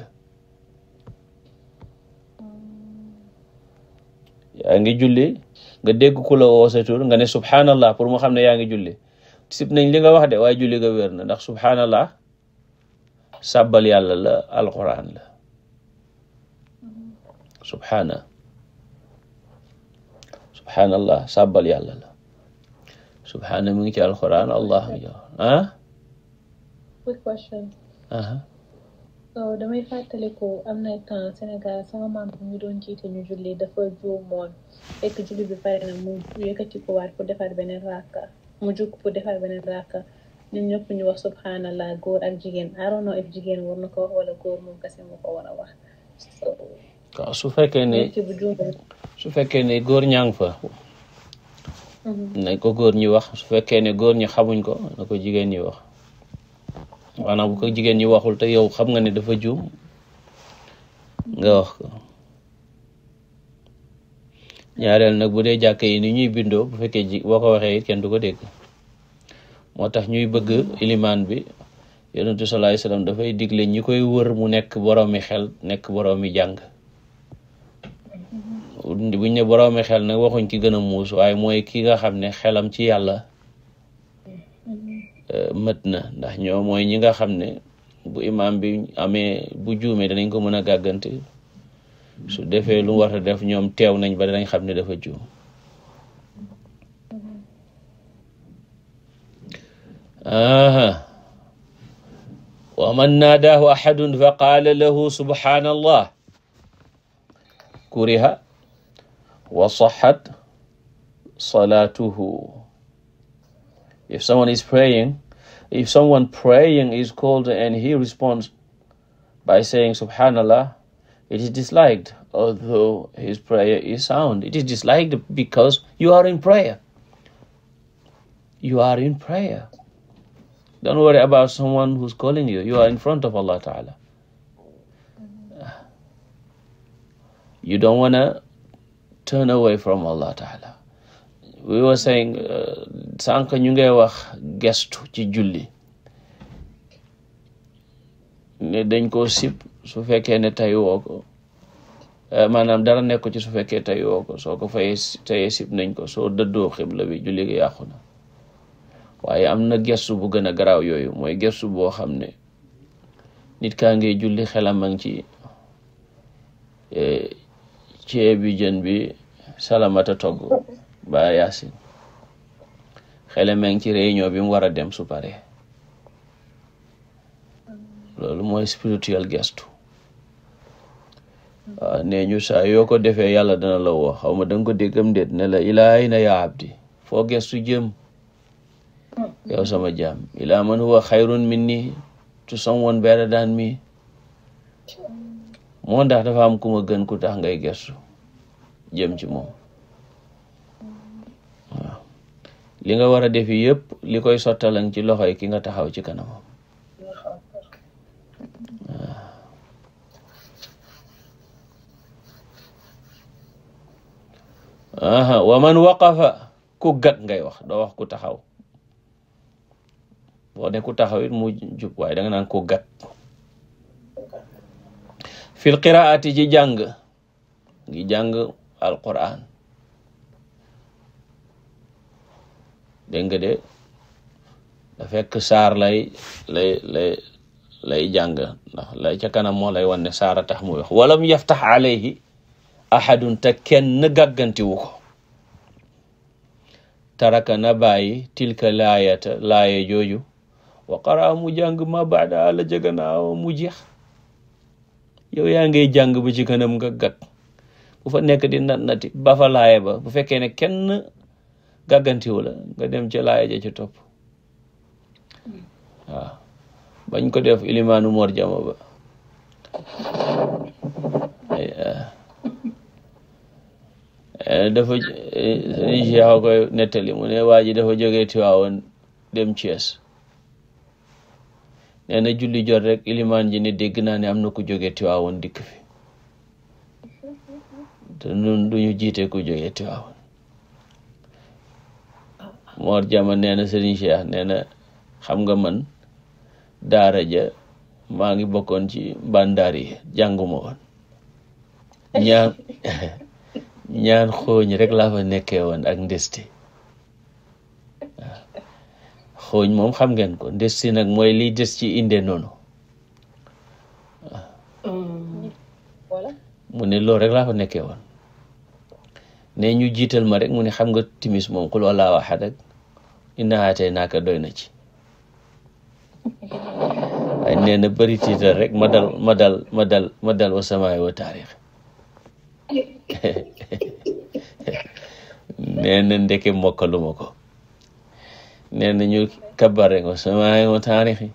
ngi julli nga dégg ku la woo sa tur nga ne subhaanallah pour mu xam ne yaa ngi julli sib nañ li nga wax de waaye julli nga wér na ndax subhaanallah sàbbal yàlla la alquran la subhaana subhaanallah sàbbal yàlla la subhaana mi ngi ci alquran allah ah quick question aha so am na temps Sénégal sama maam bu ñu doon jiite ñu julli dafa juumoon fekk julli bi pare na mu yëkkati ko waat pour defar beneen raaka mu jóg pour defar beneen raaka ñun ñëpp ñu wax subhanallah góor ak jigéen I don't su fekkee ne su fekkee ne góor ñaa ngi fa. Mm-hmm. nañ ko góor ñi wax su fekkee ne góor ñi xamuñ ko na ko jigéen ñi wax maanaam bu ko jigéen ñi waxul te yow xam nga ne dafa juum nga wax ko. ñaareel nag bu dee jàkk yi ni ñuy bindoo bu fekkee ji boo ko waxee kenn du ko dégg. moo tax ñuy bëgg ilimaan bi yonentu sallallahu alayhi wasallam dafay digle ñi koy wër mu nekk boroomi xel nekk boroomi jàng buñ ne boroomi xel nag waxuñ ki gën a muus waaye mooy ki nga xam ne xelam ci yàlla euh, mët na ndax ñoo mooy ñi nga xam ne bu imaam bi amee bu juumee danañ ko mën a gàggante su defee lu war a def ñoom teew nañ ba danañ xam ne dafa juum wa man naadaahu axadun fa qaala lahu subhaanallah kuriha wa saxat salaatuhu if someone is praying if someone praying is called and he responds by saying subhanallah it is disliked although his prayer is sound it is disliked because you are in prayer you are in prayer Don't worry about someone who's calling you. You are in front of Allah Ta'ala. You don't want turn away from Allah Ta'ala. We were saying uh, sànq ñu ngay wax gestu ci julli ne dañ koo sib su fekkee ne tey woo ko uh, dara nekk ci su fekkee tey woo ko soo ko fayee tayee sib nañ ko soo dëddoo xibla bi julli gi waaye am na gestu bu gën a garaaw yooyu mooy gestu boo xam ne nit kaa ngay julli xelam a ngi ci e, ceebi jën bi salamata togg ba yaasin xelam a ngi ci réunion bi mu war a dem su pare loolu mooy spirituel gestu waaw nee ñu saa yoo ko defee yàlla dana lawoo woo xaw ma da nga ko déggam déet ne la ilaahi na yaa abdi foo gestu jëm Mm-hmm. yow sama jaam ila man huwa xayrun minni to someone better than me moo ndax dafa am ku ma gën ku tax ngay gestu jëm ci moom li nga war a def yëpp li koy sottalan ci loxo loxoy ki nga taxaw ci kanamam waaw wa man waqafa ku gag ngay wax do wax ku taxaw boo ne ku taxaw it mu jub waaye da nga naan ko gat fil qiraati ci jàng ngi jàng alquran dégg nga de fekk saar lay lay lay lay jàng ndax lay ca kanam moo lay wan saara tax muy wax walam yaftax alayhi ahadun te kenn gàggantiwu ko taraka na tilka laayata laaya jooju wa mu jàng ma baada la jëganaaw mu jeex yow yaa ngay jàng bu ci kanam nga gàgg bu fa nekk di nat nati ba fa laaya ba bu fekkee ne kenn gàggantiwla nga dem ca laaya ja ca topp waaw bañ ko def ilimaanu mor jama ba ah. eh, dafa eh, sëñ Cheikh koy nettali mu ne nee na julli jot rek ilimaan ji ne dégg naa ne am na ku jóge Tiwaawoon dikk fi te nun duñu jiite ku jóge Tiwaawoon Mor Jama nee na Sëriñ xam nga man daara ja maa ngi bokkoon ci bandaar yi jànguma woon ñaan *laughs* ñaan xooñ rek laa fa nekkee woon ak ndesti xooñ moom xam ngeen ko ndes si nag mooy lii des ci inde noonu mm. mu ne loolu rek laa fa nekkee woon ne ñu jiital ma rek mu ne xam nga timis moom xul wallaahu ahad ak innaa tey naaka doy na ci waaye nee na tiital rek ma dal ma dal ma dal ma dal wa samaay taarix *laughs* *laughs* nee na ndeke mokkaluma ko nee nañu kabare ko samaay wa taarixi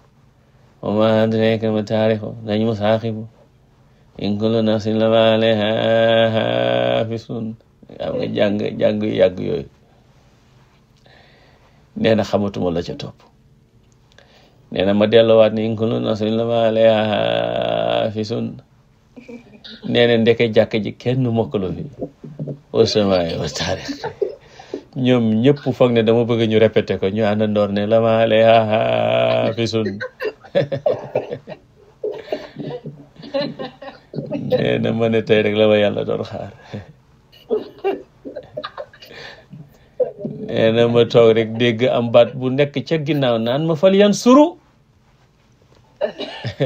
wa ma adraka ma taarixu nañu mu saaxibu in kullu nafsin lama alayha hafisun am na xamatuma la ma delluwaat ni in kullu nafsin lama ndeke jàkk ji kenn mokkalu fi wa samaay wa taarixi ñoom ñëpp foog ne dama bëgg ñu répété ko ñu àndandoor ne la maa lay haha *laughs* ma ne tey rek la yàlla doon xaar nee ma toog rek dégg am baat bu nekk ca ginnaaw naan ma fal yan suru *laughs*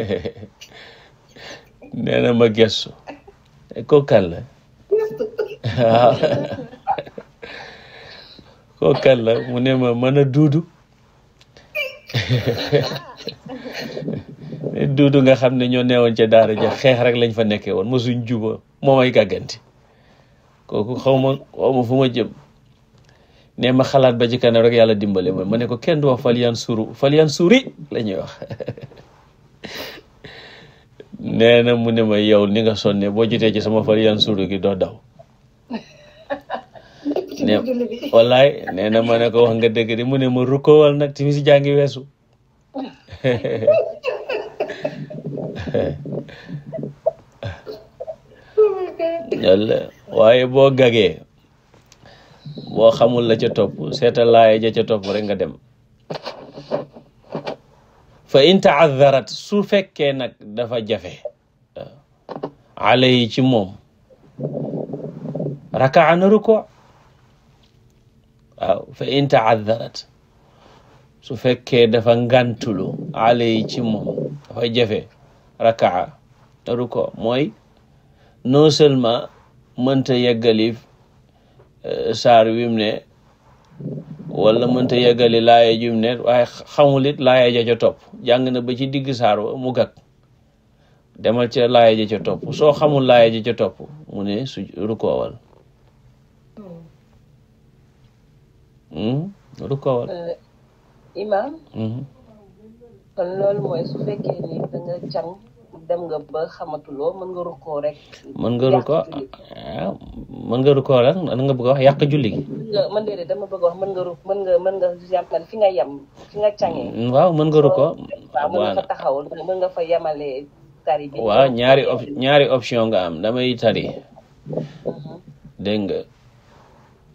nee ma gestu e ko la *laughs* kooku kan la mu ne ma mën a duudu *laughs* *laughs* duudu nga xam ne ñoo neewoon ca daara ja rek lañ fa nekkee woon mosuñ juba moo may gàgganti kooku xaw ma fu ma jëm ne ma xalaat ba ci kanam rek yàlla dimbale ma ma ne ko kenn du wax fal yan suuri fal wax *laughs* nee na mu ne ma yow ni nga sonne boo jutee ci sama fal yan suru doo daw ne wallaay nee ne ko wax nga dëgg di mu ne ma rukkowal nag timi si jàngi weesu walla waaye boo gagee boo xamul la ca topp seeta laaya ja ca topp nga dem fa in taadarat su fekkee nag dafa jafe alay ci moom rakaa ruko waaw fa inta taaddarat su fekkee dafa ngàntulu alay ci moom dafa jafe rakaa taru ko mooy non seulement mënta yeggali euh, saar wim ne wala mënta yeggali laaya jum ne waaye xamulit laaya ja topp jàng na ba ci digg saar wa mu gàkk demal ca laaya ja ca topp soo xamul laaya ja topp mu ne su rukoowal lu ko war imaam kon loolu mooy su fekkee ni da nga dem nga ba xamatuloo mën nga rukkoo rek mën nga rukkoo waaw ah, mën nga rukkoo bëgg wax yàq julli man dama bëgg wax mën nga mën nga mën nga yàmal fi nga yem fi nga càngee hmm, waaw mën nga rukkoo mën nga fa taxaw mën nga fa yemale tari bi ñaari option nga am damay tari mhm. dégg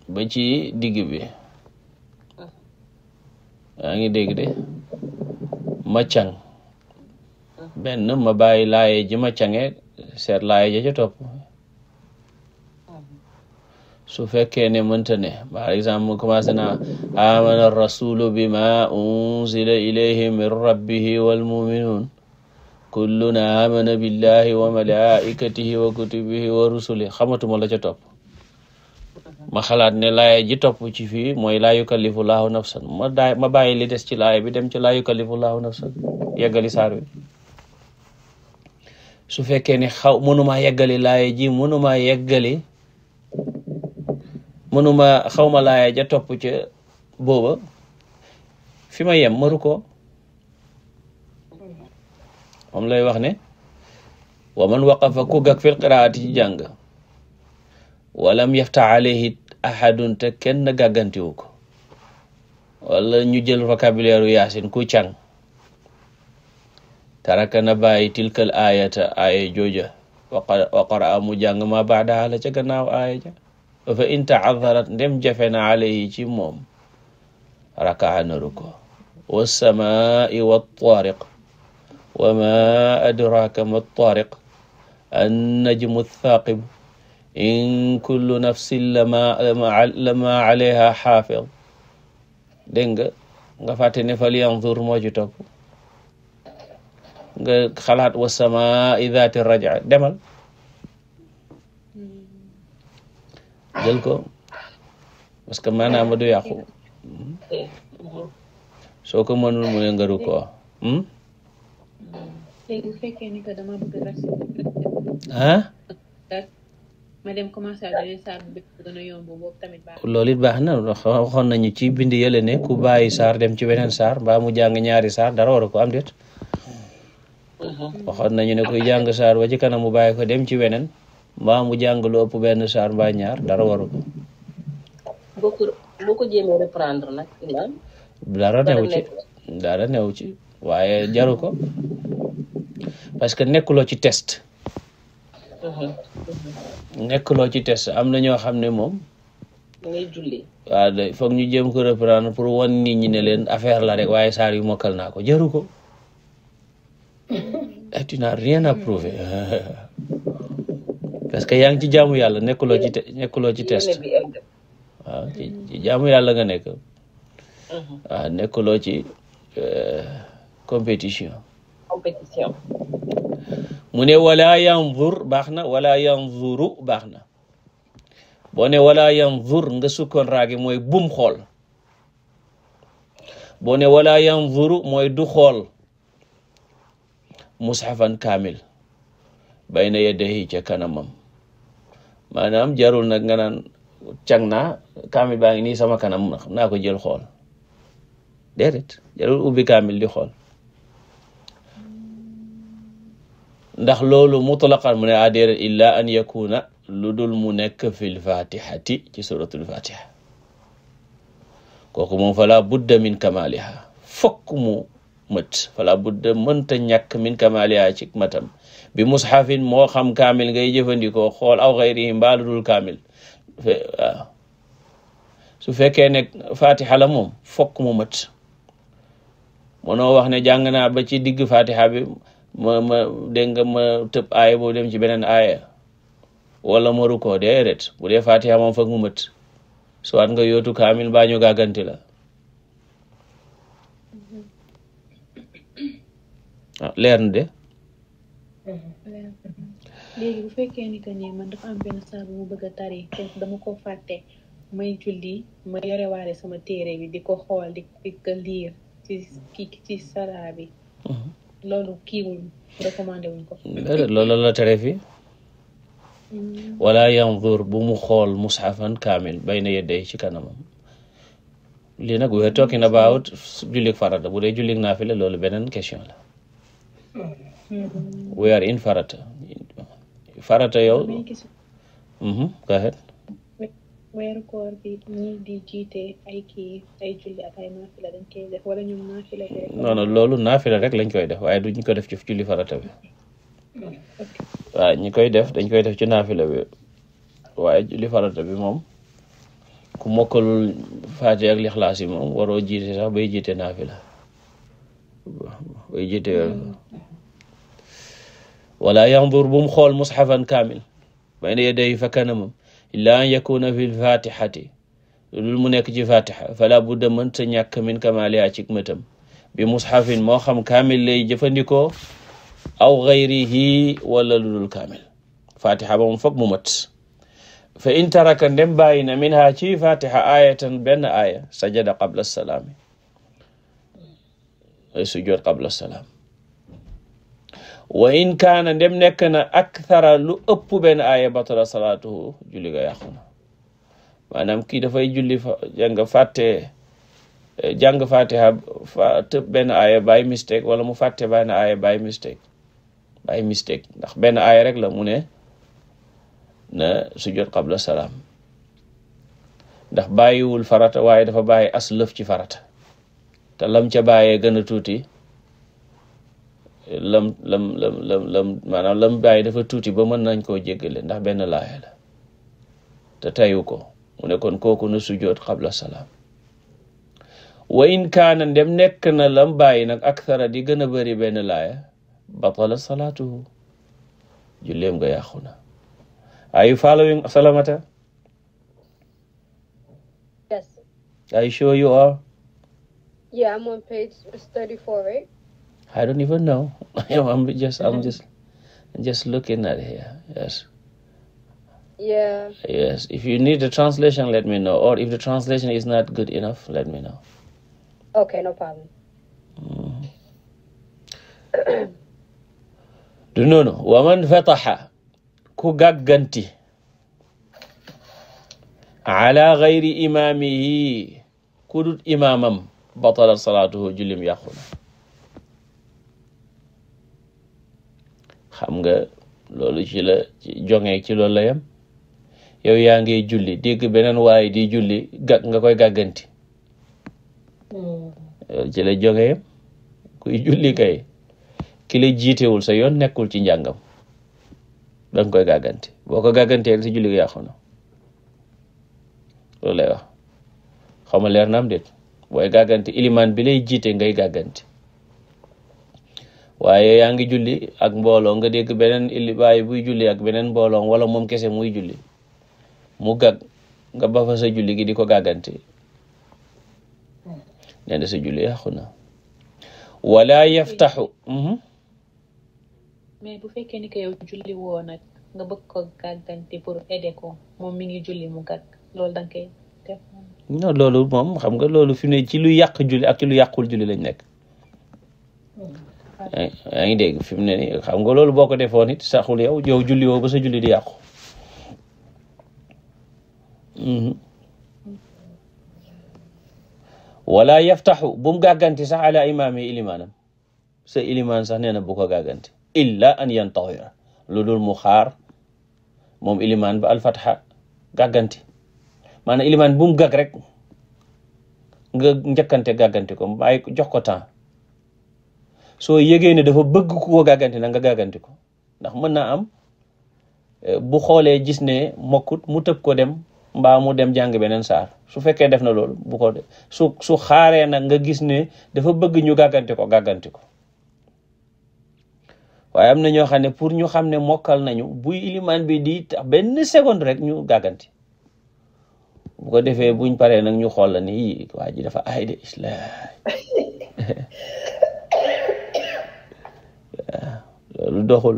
nga ci digg bi yaa ngi dégg de ma benn ma bàyyi laaye ji ma cange seet laaye ca topp su fekkee ne mënta ne par exemple mu commencé na amana rasulu bima unzila ilayhi min rabbihi walmuminun kullun amana billahi wa malaikatihi wa kutubihi wa rusuli xamatuma la ca topp ma xalaat ne laaya ji topp ci fii mooy laa yukallifu laahu nafsan ma daay bàyyi li des ci laaya bi dem ci laa yukallifu laahu nafsan yeggali saar wi su fekkee ne xaw mënumaa yeggali laaya ji mënumaa yeggali mënuma xawma laaya ja topp ca booba fi ma yem maru ko moom lay wax ne wa man waqafa ku gak fil qiraati jàng walam yafta alayhi ahadun te kenn gàggantiwu ko wala ñu jël vocabulaire yaasin ku càng taraka na bàyyi tilkal ayata aaya jooja wa qaraa mu jàng ma baadaha la ca gannaaw aaya ja fa in taadarat ndem jafe na alayhi ci moom rakaa na ruko wasamaai wattaariq wa ma adraka ma taariq an najmu thaaqib in kullu nafsin lama lama alayha xaafid dégg nga nga fàtte ne fal yanzur moo ci topp nga xalaat wa samaa'i zaati raj'a demal jël ko parce que maanaam du yàqu soo ko mënul mu ne nga ru ko hmm? ma baax it baax na waxoon nañu ci bind yële ne ku bàyyi saar dem ci weneen saar mbaa mu jàng ñaari saar dara war ko am déet uh-huh. waxoon nañu ne kuy jàng saar ba ci kanam mu bàyyi ko dem ci weneen mbaa mu jàng lu ëpp benn saar mbaa ñaar dara waru ko. dara newu ci dara newu ci waaye jaru ko parce que nekkuloo ci test. nekkuloo ci test am na ñoo xam ne moom. waaw de foog ñu jëm ko reprendre pour wan nit ñi ne leen affaire la rek waaye saar yu mokkal naa ko jaru ko. *laughs* Eh, tu n'as *laughs* parce que yaa ngi ci jaamu yàlla nekkuloo ci nekkuloo ci test waaw jaamu yàlla nga nekk. Uh-huh. waaw nekkuloo ci euh, compétition. compétition. mu ne wala yanzur baax na wala yanzuru baax na boo ne wala yanzur nga sukkoon raagi mooy bum xool boo ne wala yanzuru mooy du xool mushafan kaamil bayna yadayhi ca kanamam maanaam jarul na nga naan càng naa kaamil baa ngi nii sama kanam naa ko jël xool déedéet jarul ubbi kamil di xool ndax loolu mutlaqan mu ne adéere illa an yakuna lu mu nekk fil fatihati ci suratul fatiha kooku moom fala budda min kamaliha fokk mu mët fala budda mënta ñàkk min kamaliha ci matam bi mushafin moo xam kaamil ngay jëfandikoo xool aw xayrihi mbaa lu dul su fekkee ne fatiha la moom fokk mu mët mënoo wax ne jàng naa ba ci digg fatiha ma ma dégg nga ma tëb aaya boobu dem ci beneen aaya wala ma rukkoo déedéet bu dee fatiha moom foog mu mët soit nga yootu kaamil mbaa ñu gàgganti la mm-hmm. ah mm-hmm. leer na de. léegi bu fekkee ni que nii man dafa am benn saar bu bëgg a tari dama ko fàtte may julli ma yorewaale sama téere bi di ko xool di ko liir ci kii bi. Mm-hmm. loolu kiiwul recommandé tere fii. Hmm. wala yandur bu mu xool mushafan kaamil bayna yedday ci kanamam. lii nag we're talking about jullik farata bu jullik naafila loolu beneen question la. Hmm. we are in farata. farata yow. Mhm, go ahead. weeru loolu naafila rek lañ koy def waaye du ñu ko def ci julli farata bi waaw ñi koy def dañ koy def ci naafila bi julli farata bi moom ku mokkalul faate ak lixlaas yi moom waroo jiite sax bay jiite naafila bay jiite wala yandur bu mu xool mushafan kaamil bayna fa kanamam illaa an yakuna fi lfatixati lul mu nekk ci fatixa fala budda mënta ñàkk min kamaliha ci mëtam bi mushafin moo xam kaamil lay jëfandikoo aw gayrihi wala lulul kaamil fatixa ba moom foog mu mët fa in taraka ndem bàyyi na min ha ci fatixa aayatan benn aaya sajada qabla salaami sujood qabla salaam wa in kaana ndem nekk na akthara lu ëpp benn aaya batala salaatuhu julli ga yàqu na kii dafay julli fa jàng fàtte eh, jàng fatiha fa benn aaya bàyyi mistake wala mu fàtte benn aaya bàyyi mistake bàyyi ndax benn aaya rek la mu ne na sujjot qabla salaam ndax bàyyiwul farata waaye dafa bàyyi as lëf ci farata te lam ca bàyyee gën tuuti lam lam lam lam lam lam bàyyi dafa tuuti ba mën nañ koo jéggale ndax benn laaya la te tayu ko mu ne kon kooku na sujoot xabla salaam wa in kaana ndem nekk na lam bàyyi nag akthara di gën a bëri benn laaya batala salaatuhu julleem nga yàqu na are following Salamata I don't even know. *laughs* I'm just I'm mm-hmm. just just looking at here. Yes. Yeah. Yes. If you need the translation, let me know. Or if the translation is not good enough, let me know. Okay, no problem. Mm. *clears throat* du noonu wa man fataxa ku gàgganti ala gayri imaamihi ku dut imaamam batala salaatuhu jullim yàqu na xam nga loolu ci la joŋee ci loolu la yam yow yaa ngi julli dégg beneen waaye di julli gàgg nga koy gàgganti hmm. loolu ci la joŋee yam kuy julli kay ki jiitewul sa yoon nekkul ci njàngam da koy gàgganti boo ko gàggantee si julli ko yàqu na loolu lay wax xaw ma leer na am déet booy gàgganti ilimaan bi lay jiite ngay gàgganti waaye yaa ngi julli ak mbooloo nga dégg beneen illi bàyyi buy julli ak beneen mbooloo wala moom kese muy julli mu gag nga ba fa sa julli gi di ko gàggante nee sa julli yàqu na wala yaftaxu mhm. mais bu fekkee ni ngi julli mu gag loolu loolu moom xam nga loolu fi ne ci lu yàq julli ak ci lu yàqul julli lañ nekk hmm. yaa ngi dégg fi mu ne nii xam nga loolu boo ko defoon it saxul yow yow julli woo ba sa julli di yàqu mhm. wala yaftaxu bu mu gàgganti sax ala imaam yi ilimaanam sa ilimaan sax nee na bu ko gàgganti illa an yantawira lu dul mu xaar moom ilimaan ba alfatxa gàgganti maanaam ilimaan bu mu gàgg rek nga njëkkante gàgganti ko bàyyi jox ko temps soo yëgee ne dafa bëgg ko gàgganti na nga gàgganti ko ndax mën na am eh, bu xoolee gis ne mokkut mu tëb ko dem mbaa mu dem jàng beneen saar su fekkee def na loolu bu ko su xaaree na nga gis ne dafa bëgg ñu gàgganti ko gàgganti ko waaye am na ñoo xam ne pour ñu xam ne mokkal nañu buy ilimaan bi di tax benn rek ñu gàgganti bu ko defee buñ paree nag ñu xool na ni waa dafa aay de islaam *laughs* loolu doxul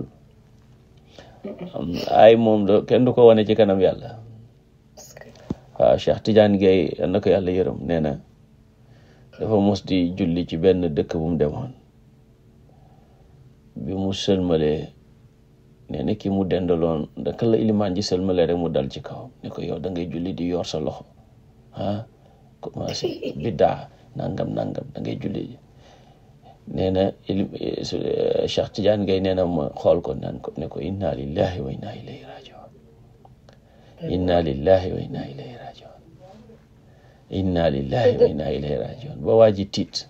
ay moom do kenn du ko wane ci kanam yàlla waaw Cheikh Tidiane Gueye na ko yàlla yërëm nee na dafa mos di julli ci benn dëkk bu mu demoon bi mu sëlmalee nee na ki mu dendaloon daka la ilimaan ji sëlmalee rek mu dal ci kaw ne ko yow dangay julli di yor sa loxo ah commencé biddaa nangam nangam da julli nee na e, e, Cheikh Tidiane Gaye nee na ma ko naan ko ne ko inna lillahi wa inna ilayhi rajiun inna lillahi wa inna ilayhi rajiun ba waa ji tiit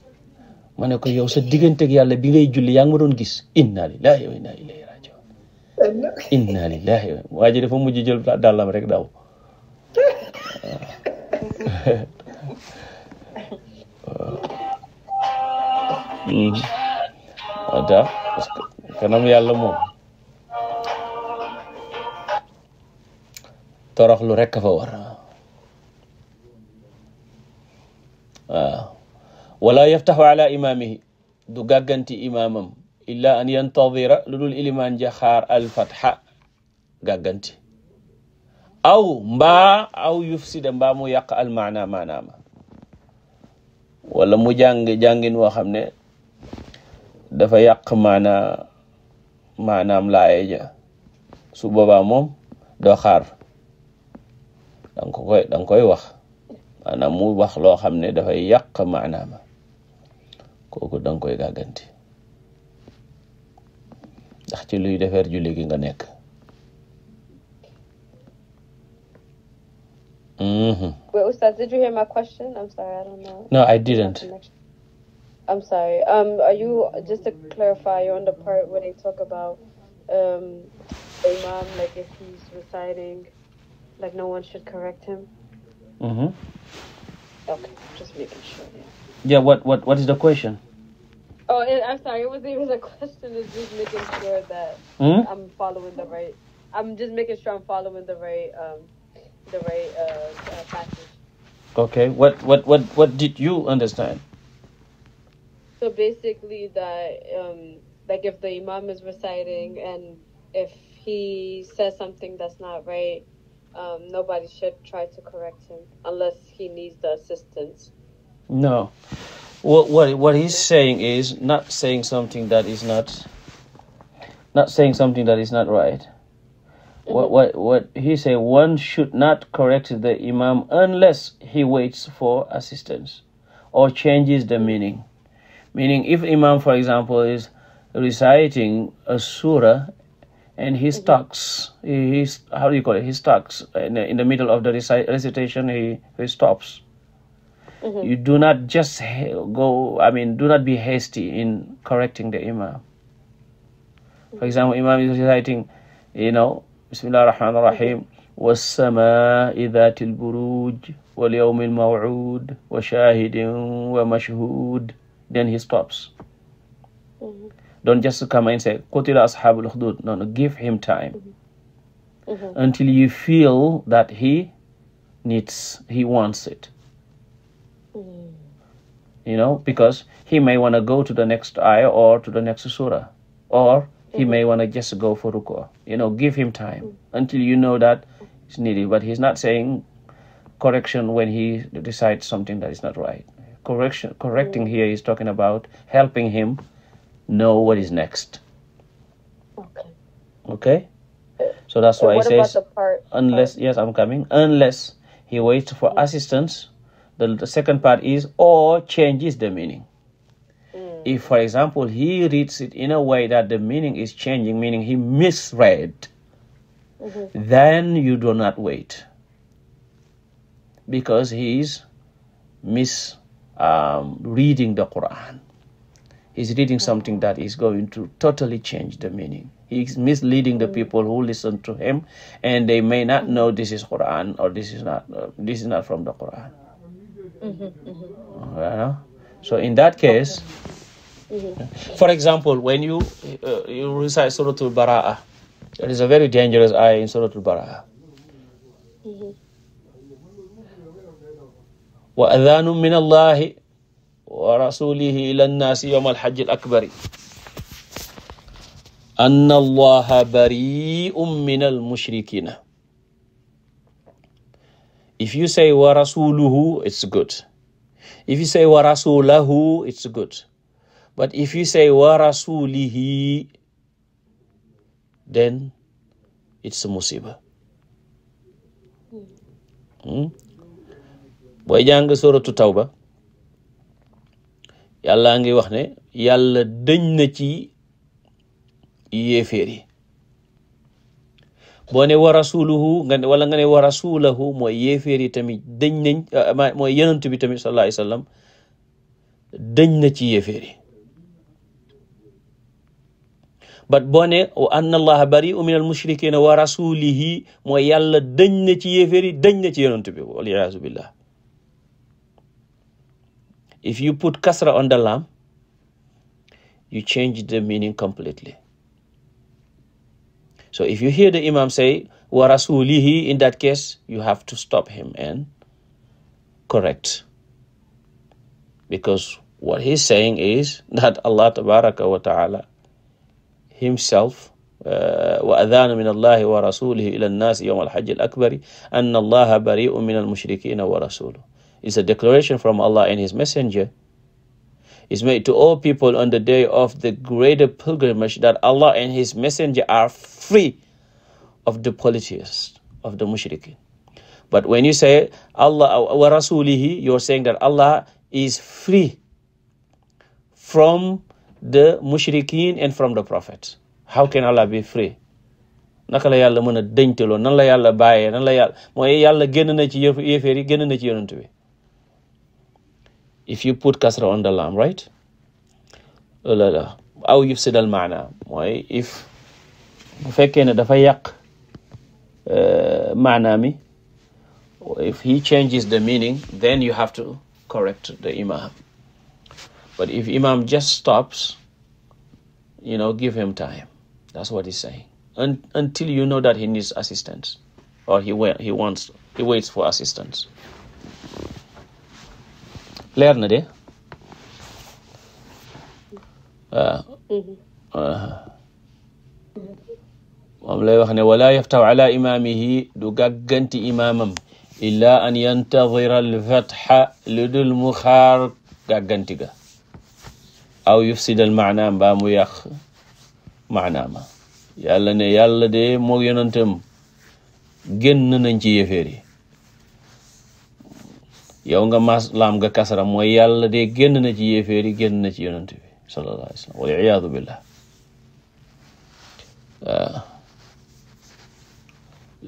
ma ne ko yow sa diggante yàlla bi ngay julli yaa ngi ma doon gis inna lillahi wa inna ilayhi rajiun inna lillahi waa ji dafa mujj jël dàllam rek daw *laughs* moo tax parce que kanam yàlla moom toroxlu rekk fa war waaw wala yaftaxu ala imaamihi du gàgganti imaamam illa an yantadira lu dul ilimaan ja xaar alfatxa gàgganti aw mbaa aw yufsida mbaa mu yàq almaana maanaama wala mu jàng jàngin woo xam ne dafa yàq maanaa maanaam laaye ja su boobaa moom doo xaar danga koy danga koy wax maanaam mu wax loo xam ne dafay yàq maanaama kooku danga koy gàgganti ndax ci luy defar julli gi nga nekk Mm-hmm. No, I didn't. I'm sorry. Um, are you just to clarify on the part where they talk about um, imam, like if he's reciting, like no one should correct him. Mm-hmm. Okay, just making sure. Yeah. yeah. What? What? What is the question? Oh, it, I'm sorry. It wasn't even a *laughs* question. It's just making sure that mm-hmm. I'm following the right. I'm just making sure I'm following the right, um, the right uh, uh, passage. Okay. What? What? What? What did you understand? So basically, that um, like if the imam is reciting and if he says something that's not right, um, nobody should try to correct him unless he needs the assistance. No. What what what he's saying is not saying something that is not not saying something that is not right. Mm-hmm. What what what he say one should not correct the imam unless he waits for assistance or changes the meaning. Meaning, if Imam, for example, is reciting a surah and he mhm. stops, he, he's, how do you call it? He stops in the, in the middle of the reci recitation. He he stops. Mm -hmm. You do not just go. I mean, do not be hasty in correcting the Imam. For mhm. example, Imam is reciting, you know, Bismillah ar-Rahman ar-Rahim. والسماء ذات البروج واليوم الموعود وشاهد ومشهود then he stops. Mm-hmm. Don't just come and say, Qutila ashabul hudud. No, no, give him time mm-hmm. until you feel that he needs, he wants it. Mm-hmm. You know, because he may want to go to the next ayah or to the next surah, or he mm-hmm. may want to just go for ruku. You know, give him time mm-hmm. until you know that it's needed. But he's not saying correction when he decides something that is not right. correction correcting mm. here is talking about helping him know what is next okay okay so that's so why it says part, unless part? yes i'm coming unless he waits for mm. assistance the, the second part is or changes the meaning mm. if for example he reads it in a way that the meaning is changing meaning he misread mm-hmm. then you do not wait because he is mis um, reading the Quran. He's reading something that is going to totally change the meaning. He's misleading the mm. people who listen to him, and they may not know this is Quran or this is not uh, this is not from the Quran. Mm-hmm, mm-hmm. Yeah. So in that case, okay. Mm-hmm. for example, when you uh, you recite Surah Al-Bara'ah, there is a very dangerous ayah in Surah Al-Bara'ah. Mm-hmm. wa adhaanun min allahi wa rasulihi ila nnaasi yowma alxajji al akbari anna allaha bari'un min almushrikina if you say wa rasuluhu it's good if you say wa rasulahu it's good but if you say wa rasulihi then it's a musiba hmm? booy jàng suratu tawba yàlla ngi wax ne yàlla dëñ na ci yéeféer boo ne wa rasuluhu nga ne wala nga ne wa rasulahu yi tamit dëñ nañ ah, mooy yenant bi tamit sallallahu alayhi wasallam dëñ na ci yéeféer yi boo ne wa anna allaha bariu min al mushrikina wa rasulihi mooy yàlla dëñ na ci yéeféer yi dëñ na ci yenant bi waliyasu billah If you put kasra on the lam, you change the meaning completely. So if you hear the imam say wa rasulihi, in that case, you have to stop him and correct. Because what he's saying is that Allah tabaraka wa ta'ala himself uh, wa adhana min allahi wa rasulihi ila nnaasi yawma alhajji al akbari anna allaha bari'un min almushrikina wa rasuluhu is a declaration from Allah and His Messenger, is made to all people on the day of the greater pilgrimage that Allah and His Messenger are free of the polytheists, of the mushrikeen. But when you say Allah wa rasulihi, you're saying that Allah is free from the mushrikeen and from the prophet. How can Allah be free? naka la yàlla mën a dëñtaloo nan la yàlla bàyyee nan la yàlla mooy yàlla génn na ci yëf yéeféer yi génn na ci yonent bi if you put kasra on the lam right oh, la aw yufsid al maana mooy if bu fekkee ne dafa yàq uh, maana mi if he changes the meaning then you have to correct the imam but if imam just stops you know give him time that's what he's saying Un until you know that he needs assistance or he wa he wants he waits for assistance leer na de waaw ah. lay wax ne wala yaftahu ala imaamihi du gàgganti imaamam illa an yantadira alfatxa lu dul mu xaar gàgganti ga aw yufsidal maanaam mbaa mu yàq maanaama yàlla ne yàlla de moo yonantam génn nañ ci yéeféer yi yow nga mas laam nga kasara mooy yàlla de génn na ci yéeféer yi génn na ci yonent bi sallallahu alayhi wa sallam wal iyaadu billah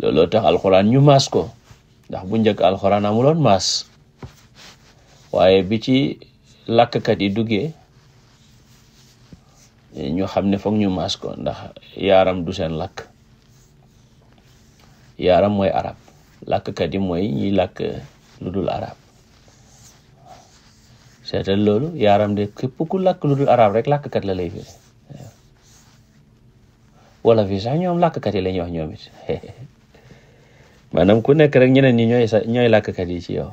waaw tax alxuraan ñu maas ko ndax bu njëkk alxuraan amuloon mas waaye bi ci làkkat yi duggee ñu xam ne foog ñu maas ko ndax yaaram du seen làkk yaaram mooy arab làkkat yi mooy ñiy làkk lu dul arab seetal loolu yaaram de képp ku lakk lu dul arab rek làkkkat la lay firi wala fii sax ñoom làkkkat yi la ñuy wax ñoom it maanaam ku nekk rek ñeneen ñi ñooy sa ñooy yi ci yow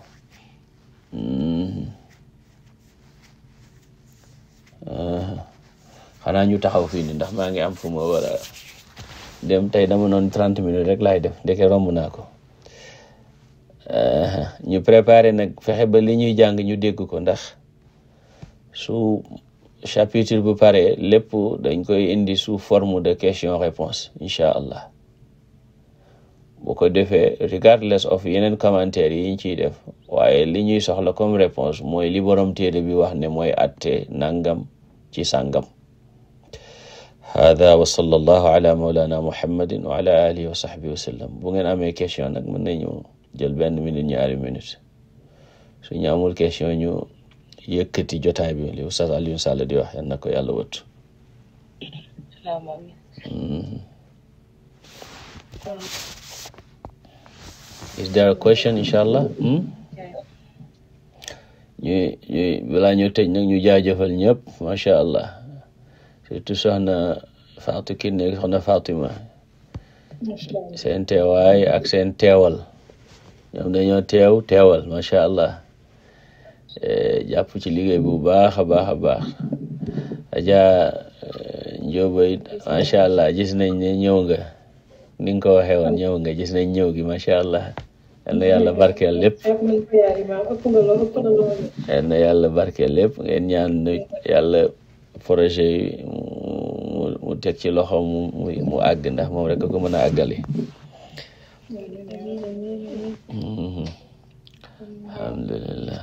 xanaa ñu taxaw fii ni ndax maa ngi am fu ma war a dem tey dama noon trent minutes rek laay def ndeke romb naa ko eh, ñu préparé nag fexe ba li ñuy jàng ñu dégg ko ndax su chapitre bu pare lépp dañ koy indi sous forme de question réponse incha allah bu ko defee regardless of yeneen commentaire yi ñu ciy def waaye li ñuy soxla comme réponse mooy li borom téere bi wax ne mooy atte nangam ci sàngam hada wa sallallahu ala maulana muhammadin wa ala alihi wa sahbihi wa sallam bu ngeen amee question nag mën nañu jël benn minute ñaari minute suñu amul question ñu yëkkati jotaay bi li Oustaz wax yal na ko yàlla wëttu hmm. is there a question incha allah ñu hmm? ñu balaa ñu tëj nag ñu jaajëfal ñëpp macha allah surtout soxna Fatou Kiné soxna Fatima seen teewaay ak seen teewal ñoom dañoo teew teewal macha allah Eh, jàpp ci liggéey bu baax a baax a baax aja eh, njóoba it macha allah gis nañ ne ñëw nga ni nga ko waxee woon ñëw nga gis nañ ñëw gi macha allah yal na yàlla barkeel lépp yal na yàlla barkeel lépp ngeen ñaan yàlla projet yi mu teg ci loxo mu mu àgg ndax moom rek ko mën a àggali mm-hmm. alhamdulillah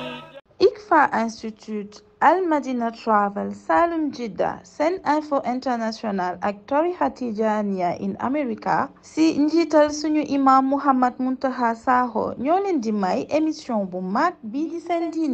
ICFA Institute Al Madina Travel Salum Jidda Sen Info International ak tarixa Tijaaniya in America si njiital suñu imam Muhammad Muntaqa Sakho ñoo leen di may émission bu mag bii di seen